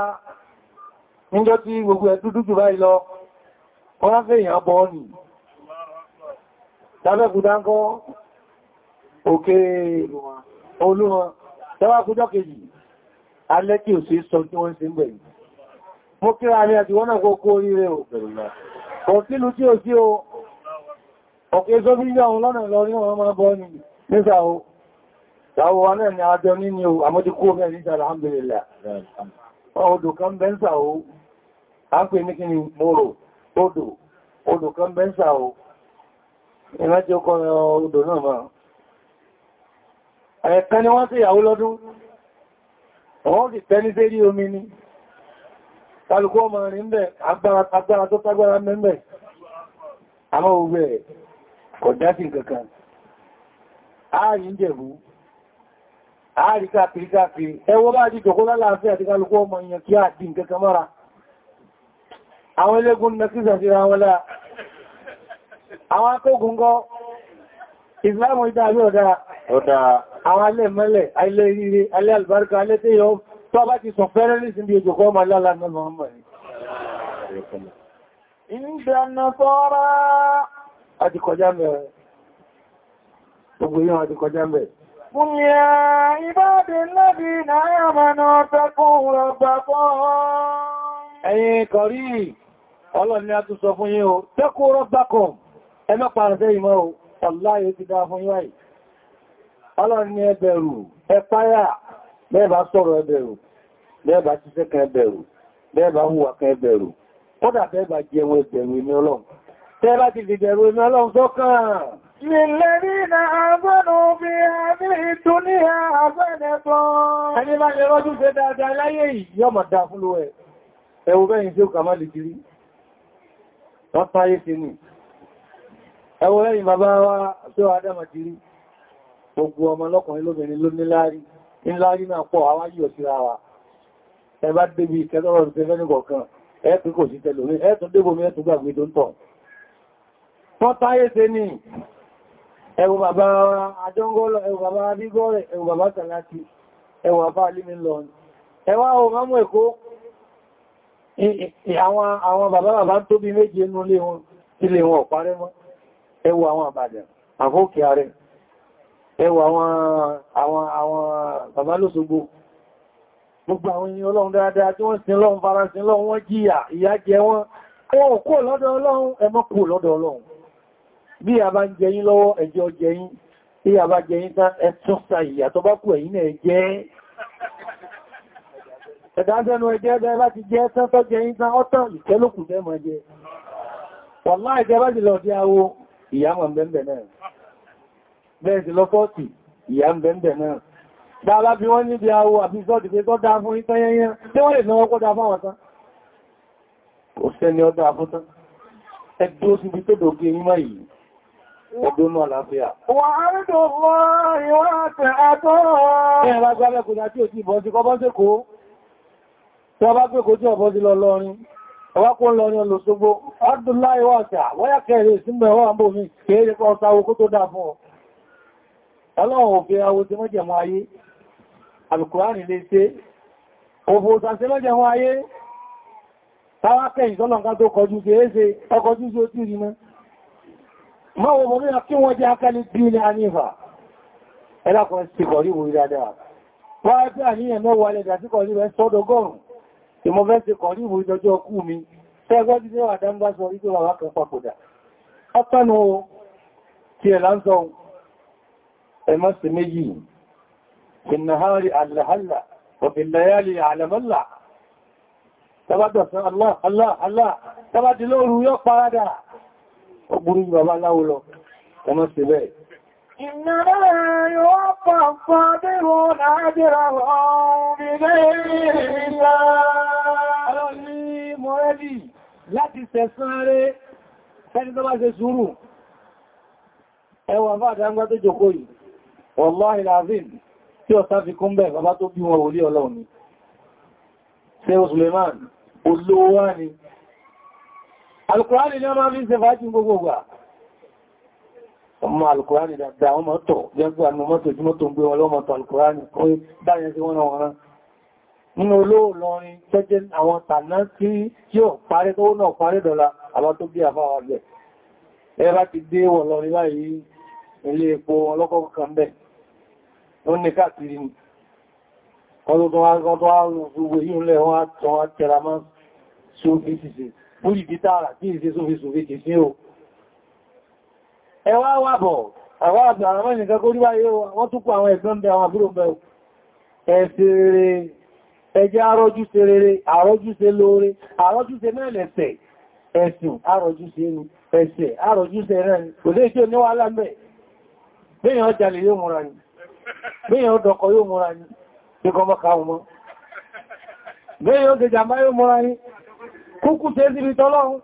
níjọ́ tí gbogbo ẹ̀ dúdú jù báyìí lọ wọ́n á fẹ́ èèyàn bọ́ nì tàbẹ́kùdáńkọ́ òkè olúmọ tọ́wákùjọ́ kejì alẹ́ kí ò sí sọ tí wọ́n ṣe ń bẹ̀yìn mo kíra ní àti wọ́n náà gbogbo oríire o kò sílù tí ó o ọ̀pẹ́ tó bí ní àwọn lọ́nà lọ rí wọn máa bọ́ ní nígbà o láwọ́ wọn náà ni àjọ níní o àmójúkú mẹ́ ní ìjọra alhamdulillah odò kan bẹ́ńsà o a ń pè ní kíni moro odò odò kan bẹ́ńsà o ìrántí ọkọ̀ odò náà máa ẹ̀ẹ̀kan ni wọ́n sí ìyàwó lọ́dún ọ̀họ́ sì tẹ́ ní sí omi ni kálùkú ọmọ rí ń bẹ̀ agbára tó tágbára mẹ́mẹ́ àmọ́ ogbẹ̀ kò jásí kankan ààrin jẹ̀bú ààrí káàkiri káàkiri ẹwọ́ bá jí jọkó lálàáfíà àti kálùkú ọmọ èèyàn kí àdí nkankan mara àwọn elégun na kí sàfíra wọn láà àwọn akógun gọ́ ìsìláàmù ìdá àbí ọ̀dá àwọn alẹ́ mẹ́lẹ̀ tó bá ti sọ fẹ́rẹ́ ní sí bí ojú kọ́ ma lálá náà Muhammad ìdànà sọ́rá àdìkọjá mẹ́rẹ̀ gbogbo yíò àdìkọjá mẹ́rẹ̀ قل يا عباد الذين آمنوا اتقوا ربكم ẹ̀yin kọ̀rí ọlọ́run ni a tún sọ fún yín o اتقوا ربكم ẹ má pàrẹsẹ́ ìmọ́ o ọlá yóò ti dá fún yín wáyìí ọlọ́run ni ẹ bẹ̀rù ẹ páyà bẹ́ẹ̀bá sọ̀rọ̀ ẹbẹ̀rù bẹ́ẹ̀bá ṣiṣẹ́ kan ẹbẹ̀rù bẹ́ẹ̀bá hùwà kan ẹbẹ̀rù kódà bẹ́ẹ̀bá jẹun ẹbẹ̀rù ní ọlọ́run tẹ́ẹ̀bá ti dìbẹ̀rù ní ọlọ́run sọ́kàn Ìlẹ̀rínà àbọ́nà bí àmì ìtúníà àbẹ́nẹ̀tọ́. Ẹni máa lè rọ́jú ṣe dáadáa láyé yìí, yọ́ mọ̀ dáa fún ló ẹ̀. Ẹwọ bẹ́yìn tí ó kà máa lè kiri. Wọ́n táyé sí ni. Ẹwọ lẹ́yìn bàbá wa tí ó adámà kiri. Gbogbo ọmọ lọ́kùnrin lóbìnrin ló ní láárí ńlá rí náà pọ̀ àwá yíò sí ara ẹ bá débi ìkẹ́lọ́rọ̀ ìfẹ́fẹ́nìkọ̀ọ̀kan ẹ pín kò sí tẹ̀lórí ẹ tún débò mi ẹ tún gbàgbé tó ń tọ̀ wọ́n táyé se ní ẹwù bàbá àjọ́ngọ́lọ̀ ẹwù bàbá adígọ́rẹ̀ ẹwù bàbá tàláti ẹwù bàbá alímìlọ́n ẹwà ohun mọ́mú ẹ̀kọ́ àwọn bàbá bàbá tó bí méje nú ilé wọn ọ̀párẹ́ mọ́ ẹwù àwọn àbàdàn àfókè ààrẹ ẹwà àwọn àwọn bàbá lóṣogbo gbogbo àwọn ènìyàn ọlọ́run dáadáa tí wọ́n sin lọ́run fara sin lọ́run wọ́n jìyà ìyà jẹ wọ́n wọ́n kó lọ́dọ̀ ọlọ́run ẹmọ́ kó lọ́dọ̀ ọlọ́run bí a bá ń jẹyìn lọ́wọ́ ẹjọ́ jẹyìn bí a bá jẹyìn tán ẹtúnṣà ìyà tó bá kù ẹ̀yìn náà jẹ́ ẹ̀dájẹ́nu ẹjẹ́ ẹgbẹ́ láti jẹ́ tán tó bẹ́ẹ̀ sí lọ́pọ̀tì ìyà ń bẹ̀ẹ̀ náà dáadáa bí wọ́n níbi àwọ àbí sọ́dì pé tọ́dá fún ìtẹ́yẹyẹn tí wọ́n lọ́rin olùsogbo ọdún láìwọ̀ ọ̀sà wọ́yá kẹrẹ ìsúnbẹ̀ wọ́n àbò mi kéré kọ́ ọ̀sáwó kó tó dá fún ọ ọlọ́run ò fẹ́ tí wọ́n jẹmọ́ ayé alùkùránì lè ṣe òfò òsàṣẹ́ lọ́jẹmọ́ ayé táwákẹ́ ìsọ́lọ̀nká tó kọjú sí éṣe ọkọjú sí ó rí mọ́ mọ́ wo mọ́ kí wọ́n jẹ́ akẹ́lẹ̀ bí ilẹ̀ anífà ẹlákan sí kọ̀rí wo dáadáa ẹmọ́sí méjì ìnàhárí àlàhálà ọ̀bìnláyálì àlàmọ́là tàbátọ̀sán Allah Allah Allah tàbátí lóòrù yóò parádà ọgbùrú bàbá láwọ́ lọ ẹmọ́sí bẹ́ẹ̀ إنما يوفى الصابرون أجرهم بغير حساب láti sẹ̀sán rẹ̀ fẹ́ni tó bá ṣe sùúrù ẹwà fàdángbà tó jòkó yìí Wallahi lazim tí ó sáfi kún bẹ̀ bàbá tó bí wọn wòlí ọlọ́run ni. Ṣé o Suleiman, olówó wá ni. Alkùránì ní ọmọ bí ṣe fàájí gbogbo gbà. Ọmọ Alkùránì dàgbà ọmọ tọ̀, jẹ́gbà ní mọ́tò jí mọ́tò ń gbé wọn lọ́mọ tọ̀ Alkùránì kó dáyẹ sí wọ́n wọn nínú olóò lọrin tẹ́jẹ́ àwọn tànà tí yóò parẹ́ tó náà parẹ́ ilé epo ọlọ́kọ̀ọ́kọ̀ kan bẹ́ẹ̀ ó ní káàkiri ni ọlọ́dún agbọ́dọ́ gbogbo yìí lẹ́ wọ́n tán àtẹ́ra mọ́ sófí síse múlì títàrà tí ìṣẹ́ sófí sófí kì sí o ẹwà wàbọ̀ àwọn àgbàrà mọ́ ìnìkan kó ríwá yóò wọ́n tún kó àwọn ẹ̀gbọ́n bẹ àwọn àbúrò bẹ ẹjẹ́ arọ́júṣe rere arọ́júṣe lóore arọ́júṣe náà lẹ́sẹ̀ ẹ̀sùn arọ́júṣe ẹnu ẹ̀sẹ̀ arọ́júṣe rẹ̀ kò lè tí ò níwà lámẹ́ bẹ́yàn ọjà lè yóò múra ni Béèyàn ó dọ̀kọ̀ yóò múra ní, tí kọ mọ́ka ọmọ. Béèyàn ó ṣe jàmbá yóò múra ní, kúkú ṣe sí ìtọ́lọ́run.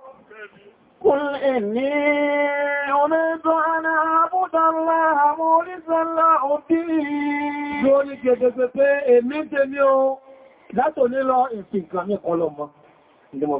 Kúl ẹ̀ní onígbọ́ àná àbúdàlá ní gẹ̀gẹ̀gẹ̀ pé èmi o, látò nílọ ìfìnkàn ní kọlọmọ. Ilé mọ̀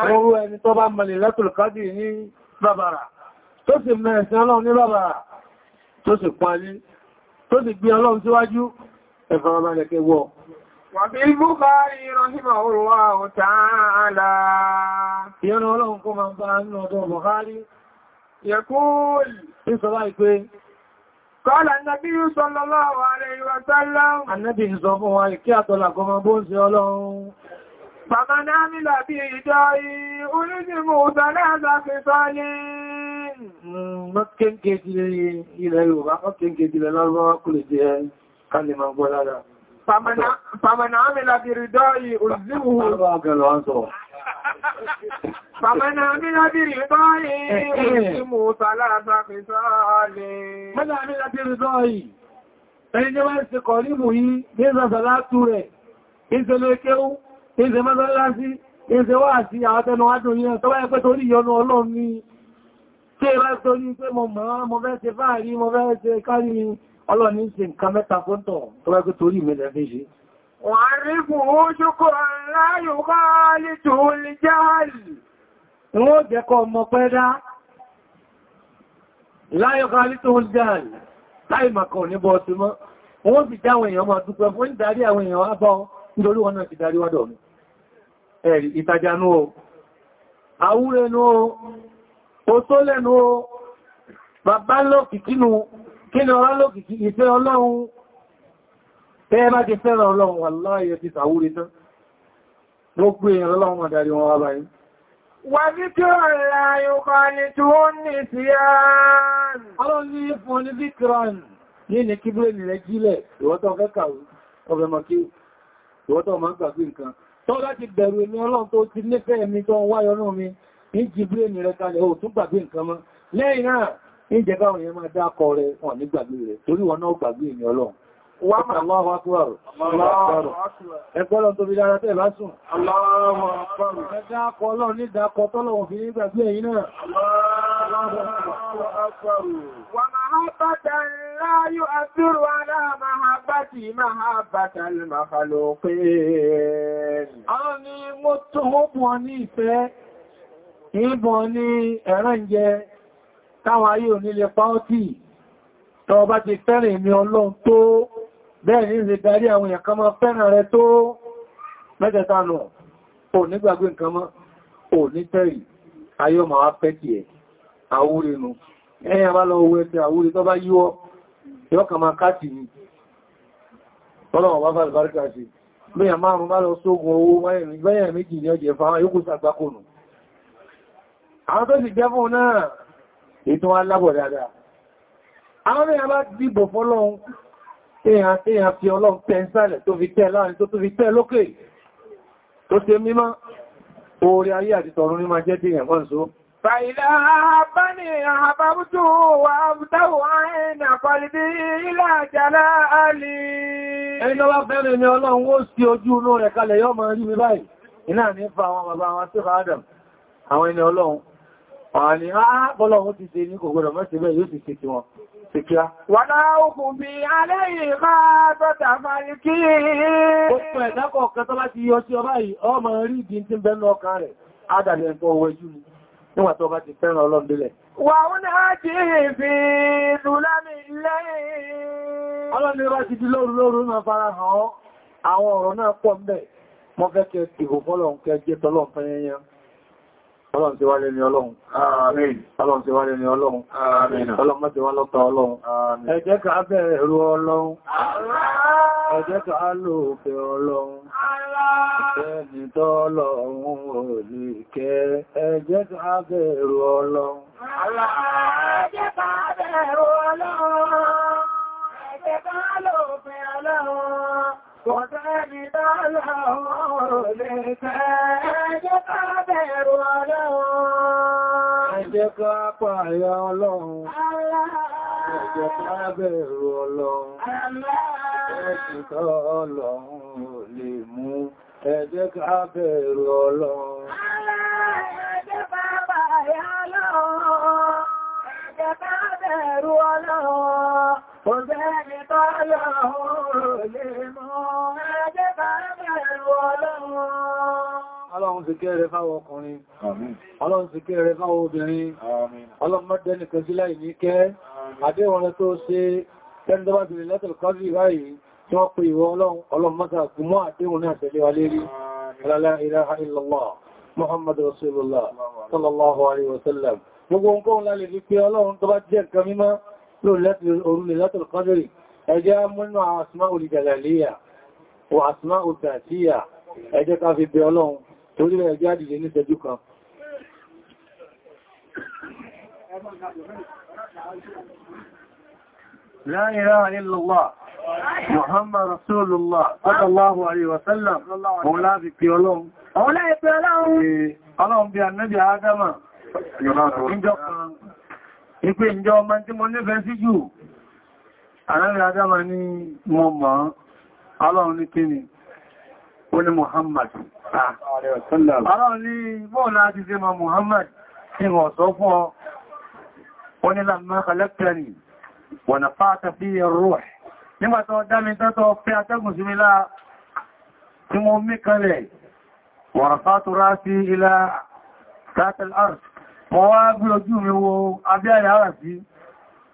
owó ẹni tó bá mọ̀lẹ̀ lẹ́tùlùkádì ní bàbàrà tó sì mẹ́ ẹ̀sìn ọlọ́run ní bàbàrà tó sì pàálí tó sì gbé ọlọ́run síwájú ẹ̀fẹ́ ọmọ ẹ̀kẹ́ wọ́ Wàbí Búkárí Rọ́hìmọ̀ Olúwa Òtàálà. Ìyọ́nà ọlọ́run kó máa bá nínú ọdún Sallallahu Alaihi Wasallam. فمن عمل بدعي ألزمه ثلاث خصال مكن كجل إلى لغة مكن كجل الأربعة كل جهة كلمة قول هذا فمن عمل بردائي ألزمه فمن عمل بردائي ألزمه ثلاث خصال من عمل بردائي ẹni jẹ́ wá ṣe kọ̀ ní mú yí ní ìsànsà látú rẹ̀ ìsẹ̀lẹ̀ kéhùn kéèsè mọ́sánlásí kéèsè wá àti àwọ́tẹnu adùn yẹn tó báyẹ pé torí ìyọnu ọlọ́run ni tí ẹ bá torí pé mọ̀ mọ́ mọ́ fẹ́ ṣe fáàrí mọ́ fẹ́ ṣe kárí ọlọ́run ní ṣe nǹkan mẹ́ta fóntọ̀ tó báyẹ pé torí ìmẹ́lẹ̀ fi ṣe Wọ́n jẹ́ kọ́ ọmọ pẹ́ dá láyọ̀ká lítò ń jáàlì táìmà kan ní bọ́ ọtí mọ́. Wọ́n sì já àwọn èèyàn máa dúpẹ́ fún ìdarí àwọn èèyàn wá bọ́ nítorí wọn náà ti darí wádọ̀ mi ẹ̀rì ìtajanú o àwúrẹnú o tó lẹ́nu o bàbá lọ́kìkínú kí ni ọlá lọ́kìkí ìfẹ́ ọlọ́run tẹ́ bá ti fẹ́ràn ọlọ́run wà láàyè ti sàwúrí tán gbogbo èèyàn ọlọ́run mọ̀ darí wọn wá báyìí wà ní tí ó rẹ̀ ayọ́kọ́ ni tí ó ní sí ìwọ́tọ̀ ma ń gbàgbé nǹkan tó láti bẹ̀rù èmi ọlọ́run tó ti nífẹ̀ẹ́ mi tó ń wáyọ náà mi ní jìbìrì ní rẹ kalẹ̀ ó tún gbàgbé nǹkan mọ́ lẹ́yìn náà ní ìjẹba òun yẹn máa dákọ rẹ wọn ní gbàgbé rẹ torí wọn náà gbàgbé èmi ọlọ́run Allahu akbar ẹgbọ́lọ́n tó fi lára tẹ́ bá sùn Allahu akbar ẹdákọ ọlọ́run ní ìdákọ tọ́lọ̀wọ̀n fi ní محبة لا يؤثر على محبة محبة المخلوقين أني متهم ونيفة Ìbọn ni ẹ̀rẹ́ ń jẹ táwọn le onílé to ba bá ti fẹ́rẹ̀ ìmì ọlọ́run tó bẹ́ẹ̀ ní ìrìn darí àwọn èèyàn kan máa fẹ́ràn rẹ tó mẹ́tẹ̀ta nù ò nígbàgbé nǹkan mọ́ ò ní tẹ́rì ayé ọmọ wá pẹ́kì ẹ̀ àwúrínú ẹ̀yà bá lọ owó ẹ̀fẹ́ àwúrí tó bá yíwọ́ yọ́ kà máa káàkì ní ọlọ́wọ̀ bá bá lùbáríkà sí mẹ́yà márùn bá lọ sógun owó mẹ́yà méjì ní ọjẹ́ fáwọn yóò kú sàgbákònù àwọn tó sì jẹ́ fún náà ètò alábọ̀ dáadáa àwọn oore ayé àti tọ̀run ní máa jẹ́ dèèyàn mọ́ ìṣòro فإذا أحبني أحببته وأبته عين قلبي إلى جلالي Ẹni ọba fẹ́rẹ̀ ni Ọlọ́run ó sí ojú inú rẹ̀ kalẹ̀ yọ́ máa rí mi báyìí. Iná ní fa àwọn bàbá wa sí Adam, àwọn ẹni Ọlọ́run. ni á bọ́lọ́run ti ṣe ní kò gbọdọ̀ mọ́ sí bẹ́ẹ̀ yóò ti ṣe ti wọn. Ṣèkíá. Wàdá okùn bí alẹ́ yìí máa tọ́ta fàrí kí. Ó pẹ̀ dákọ̀ọ̀kẹ́ tó bá ti yọ sí ọba yìí, ọ rí ìdí tí ń bẹ́nu ọkàn rẹ̀, á ẹ̀kọ́ owó ẹjú ni nígbà tó bá ti fẹ́ràn ọlọ́dúnlẹ̀. Wà ń ájí ìfì ìdúlámi lẹ́yìn. Ọlọ́dún bá ti di lóru lóru máa fara hàn àwọn ọ̀rọ̀ náà pọ̀ mẹ́. Mo fẹ́ ń kẹ́ jẹ́ tọ́lọ̀ fẹ́yẹn Ọlọ́run ti wá lẹ́ni ọlọ́run. Àmín. Ọlọ́run ti wá lẹ́ni ọlọ́run. Àmín. Ọlọ́run mọ́ ti wá lọ́ta ọlọ́run. Àmín. Ẹ jẹ́ ká bẹ̀rù ọlọ́run. Ẹ jẹ́ ká lóòfẹ́ ọlọ́run. Ẹni tọ́lọ́run ò lè kẹ́. Ẹ jẹ́ ọlọ́run. Ẹ jẹ́ ká bẹ̀rù ọlọ́run. Ẹ jẹ́ ká lóòfẹ́ ọlọ́run. وذلك له لكي يقدر ولو Ẹjẹ́ ká pààyà ọlọ́run. Ẹjẹ́ ká bẹ̀rù ọlọ́run. Ẹjẹ́ ká ọlọ́run ò lè mú. Ẹjẹ́ ká bẹ̀rù ọlọ́run. Ẹjẹ́ ká pààyà ọlọ́run. Ẹjẹ́ ká bẹ̀rù ọlọ́run. Ọ̀bẹ́ ni tọ́lọ́run. Ọlọ́run ti kéré fáwọn ọkùnrin, ọlọ́run ti kéré fáwọn obìnrin, ọlọ́run mọ́dé nìkan sí láì ní kẹ́, àdéhùn rẹ̀ tó ṣe tẹ́ndọ́bá bìnrin lẹ́tọ̀lù kọ́sì ráyìí tí wọ́n pè ìwọ ọlọ́run mọ́ta kù mọ́ àdéhùn náà tẹ̀lé wa lérí. La ilaha illallah, Muhammad Rasulullah, sallallahu alaihi wasallam. Gbogbo nǹkan lálẹ́ fi pé ọlọ́run tó bá jẹ́ nǹkan mímọ́ lórí lẹ́tọ̀lù kọ́sì ẹjẹ́ múnú àsmá olùgbẹ̀lẹ̀lẹ́yà o àsmá òtàtíyà ẹjẹ́ ká fi bẹ ọlọ́run torí rẹ̀ ẹjẹ́ àdìlẹ̀ ní ṣẹ́jú kan La ilaha illallah Rasulullah sallallahu alaihi wasallam òun láti pè ọlọ́run. Àwọn láì pè ọlọ́run. Ọlọ́run bí annabi Adama, ìpé ìjọ ọmọ tí mo sí jù, àrẹ́rẹ́ adáma ní mọ́ mọ́ aláwọn ní kíni ó ní Muhammad aláwọn ah. ní bọ́ọ̀lá ti ṣe ma Muhammad tí wọ́n sọ fún ọ ó ní lámọ́ kọlẹ́kẹ̀rì wọ̀nà fáta fi rúwà nígbàtọ̀ dámi tọ́tọ̀ fẹ́ atẹ́gùn sí mi lá tí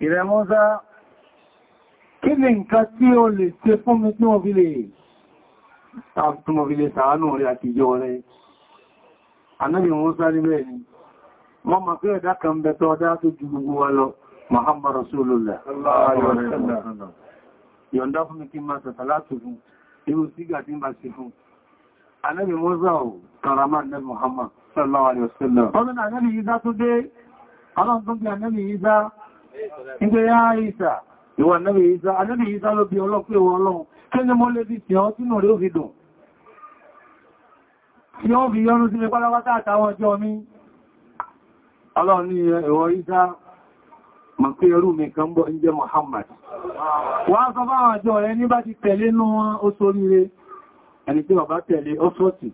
Ìrẹ̀ Mọ́sá, kí ni nǹkan tí ó lè ṣe fún mi tí wọ́n fi lè àtùmọ̀bílẹ̀ sàánù rẹ̀ àti ìjọ rẹ̀? Ànábì Mọ́sá ní bẹ́ẹ̀ ni, wọ́n ma fẹ́ ẹ̀dá kan bẹ tó dá tó ju gbogbo wa lọ, Muhammad Rasulullah. Yọ̀ndá fún mi kí máa sàtà Ọlọ́run tó bí ànábì Ìsá, ìgbé yá Ìsá, ìwà ànábì Ìsá, ànábì Ìsá ló bí ọlọ́pẹ́ wọn Ọlọ́run, kí ni mo lè fi tì ọ́ tínú rí ó fi dùn? Yọ́ fi yọ́nu sí mi pálápátá àtàwọn ọjọ́ mi. Ọlọ́run ní ẹ̀wọ̀ Ìsá, mọ̀ pé ẹrú mi kan bọ́ ń jẹ́ Muhammad. Wà á sọ fáwọn àjọ rẹ̀ ní bá ti tẹ̀lé nú wọn ó sóríire, ẹni tí bàbá tẹ̀lé ó sọ́tì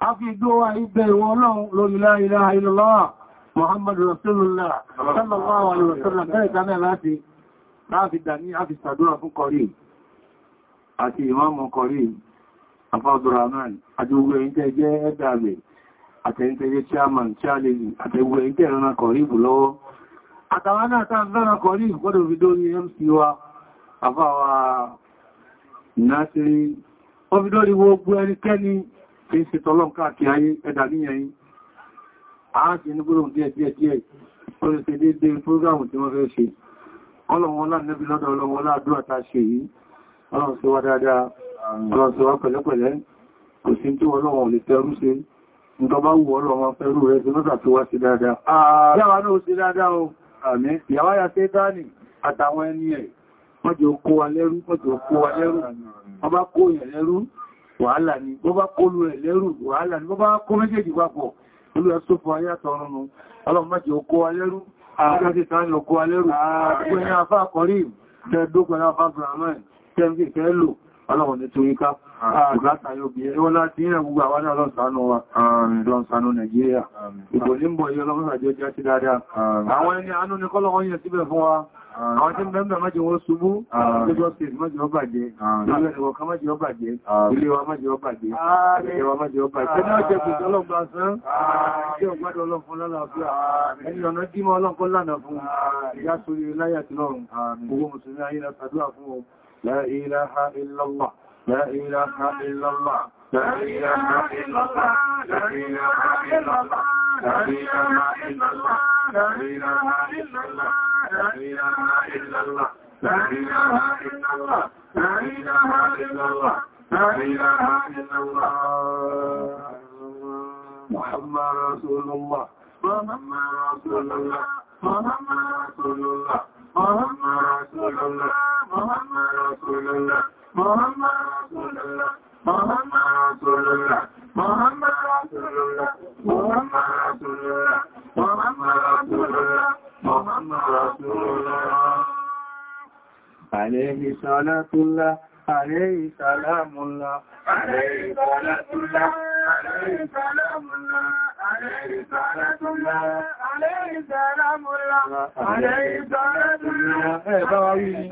a fi gbówà ibẹ̀ ìwọ̀n ọlọ́run lórí la ilaha illallah muhammadu rasulullah sallallahu alaihi wasallam bẹ́ẹ̀ kaná láti láti dání a fi sàdúrà fún kọrí àti ìmáàmù kọrí afọ́dúramán àti ogun ẹ̀yìn tẹ́ jẹ́ ẹgbàgbẹ̀ àtẹ́yìn tẹ́ chairman charlie àti ogun ẹ̀yìn tẹ́ kọrí bù lọ́wọ́ kí sí tọ́lọ́m káàkiri ayé ẹ̀dà níyẹ̀yìn ààtì ní gbọ́nà díẹ̀ díẹ̀ díẹ̀ ó lè ṣe déédéé prógámù tí wọ́n fẹ́ ṣe ọlọ́run ọlá nẹ́bí lọ́dọ̀ ọlọ́run ọlá àdúrà ta ṣe yìí ọlọ́run ṣe wá dáadáa ọlọ́run ṣe wá pẹ̀lẹ́pẹ̀lẹ́ kò sí tí ọlọ́run ò lè fẹ́rú ṣe nǹkan bá wù ọlọ́run fẹ́rú rẹ̀ ṣe lọ́dà tó wá sí dáadáa yàwá náà ó sí dáadáa o àmín yàwá ya ṣe dání àtàwọn ẹni ẹ̀ wọ́n jẹ́ kó wa lẹ́rú wọ́n jẹ́ kó wa lẹ́rú wọ́n kó yẹ̀ lẹ́rú wàhálà ni bó bá kólú rẹ̀ lẹ́rù wàhálà ni bó bá kó méjèèjì papọ̀ olú ẹ̀sọ́fọ́ ayátọ̀ ọ̀rọ̀nù ọlọ́mọ́jì okó alẹ́rù agbájẹ́ tàbí okó alẹ́rù pẹ̀lú afá kọrí tẹ́ẹ̀dó pẹ̀lú afá brahman tẹ́ẹ̀mí kẹ́lò ọlọ́wọ̀n tó yíká àgbàtà yóò bí ẹwọ́n láti ìrìn gbogbo àwọn ọlọ́sànú wa lọ́sànú Nàìjíríà ìbò ní àwọn tí ń bẹ̀m̀bẹ̀ májì wọ́n ṣubú lójọ́sìs májì wọ́n bàjẹ́ ìwọ̀ká májì wọ́n bàjẹ́ ilé wa májì wọ́n bàjẹ́ ilé wa májì wọ́n bàjẹ́ ẹni ọjẹ́ kùtọ́ ọlọ́gbà sán tí ó gbádọ́ ọlọ́fún lálàáfíà ẹni ọ̀nà dímọ́ ọlọ́pọ̀ lánàá fún ìyá sórí láyà tí lọ́rùn gbogbo mùsùlùmí ayé la ṣàdúrà fún ọ la ilaha illallah la ilaha illallah لا إله إلا الله لا إله إلا الله لا إله إلا الله لا إله إلا الله لا إله إلا الله لا إله إلا الله لا إله إلا الله محمد رسول الله محمد رسول الله محمد رسول الله محمد رسول الله محمد رسول الله محمد رسول الله Muhammad Rasulullah, Muhammad Rasulullah, Muhammad Rasulullah, Muhammad Rasulullah, Muhammad Rasulullah. Alayhi salatullah, alayhi salamullah, alayhi salatullah, alayhi salamullah, alayhi salatullah, alayhi salamullah, alayhi salatullah, alayhi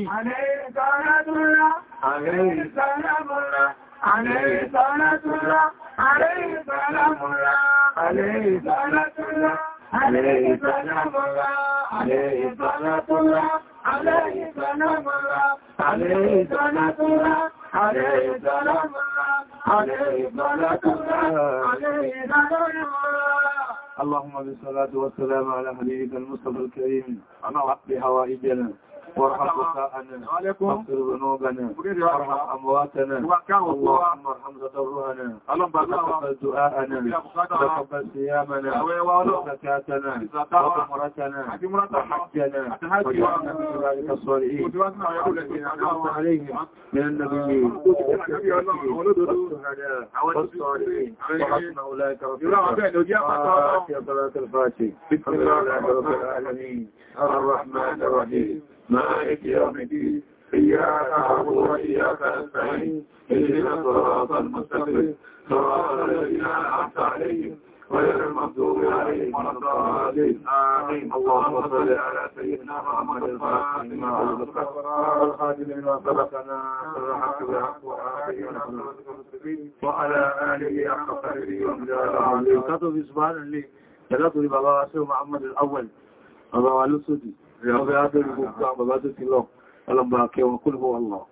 salamullah, alayhi salamullah, عليه سلام الله عليه صلاة الله عليه سلام الله عليه صلاة الله عليه سلام الله عليه صلاة الله عليه سلام الله عليه صلاة الله عليه سلام الله عليه صلاة الله عليه سلام الله اللهم بالصلاة والسلام على حبيبك المصطفى الكريم على حق هوائجنا وارحم بكاءنا واغفر ذنوبنا وارحم امواتنا اللهم ارحم تضرعنا وتقبل دعاءنا وتقبل صيامنا وزكاتنا وعمرتنا وحجنا واجعلنا من ذلك الصالحين اللهم عليهم من النبيين والشهداء الصالحين وحسن اولئك رفيقا الفاتح بسم الله الرحمن الرحيم مالك يوم الدين إياك نعبد وإياك نستعين اهدنا الصراط المستقيم صراط الذين أنعمت عليهم غير المغضوب عليهم ولا الضالين آمين اللهم صل على سيدنا محمد الفاتن والخاتم لما سبقنا الحق بالحق وآله وعلى آله حق قدره ومجاهد عظيم كتب سبحان الله ثلاثة بابا محمد الأول بابا والسدي ọbẹ̀ adórí gbogbo àbàbá tó ti lọ ọlọ́gbà akẹwọn kúlùmọ́ ọlọ́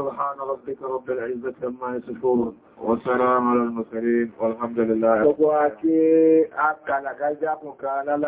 سبحان ربك رب العزة عما يصفون وسلام على المرسلين والحمد لله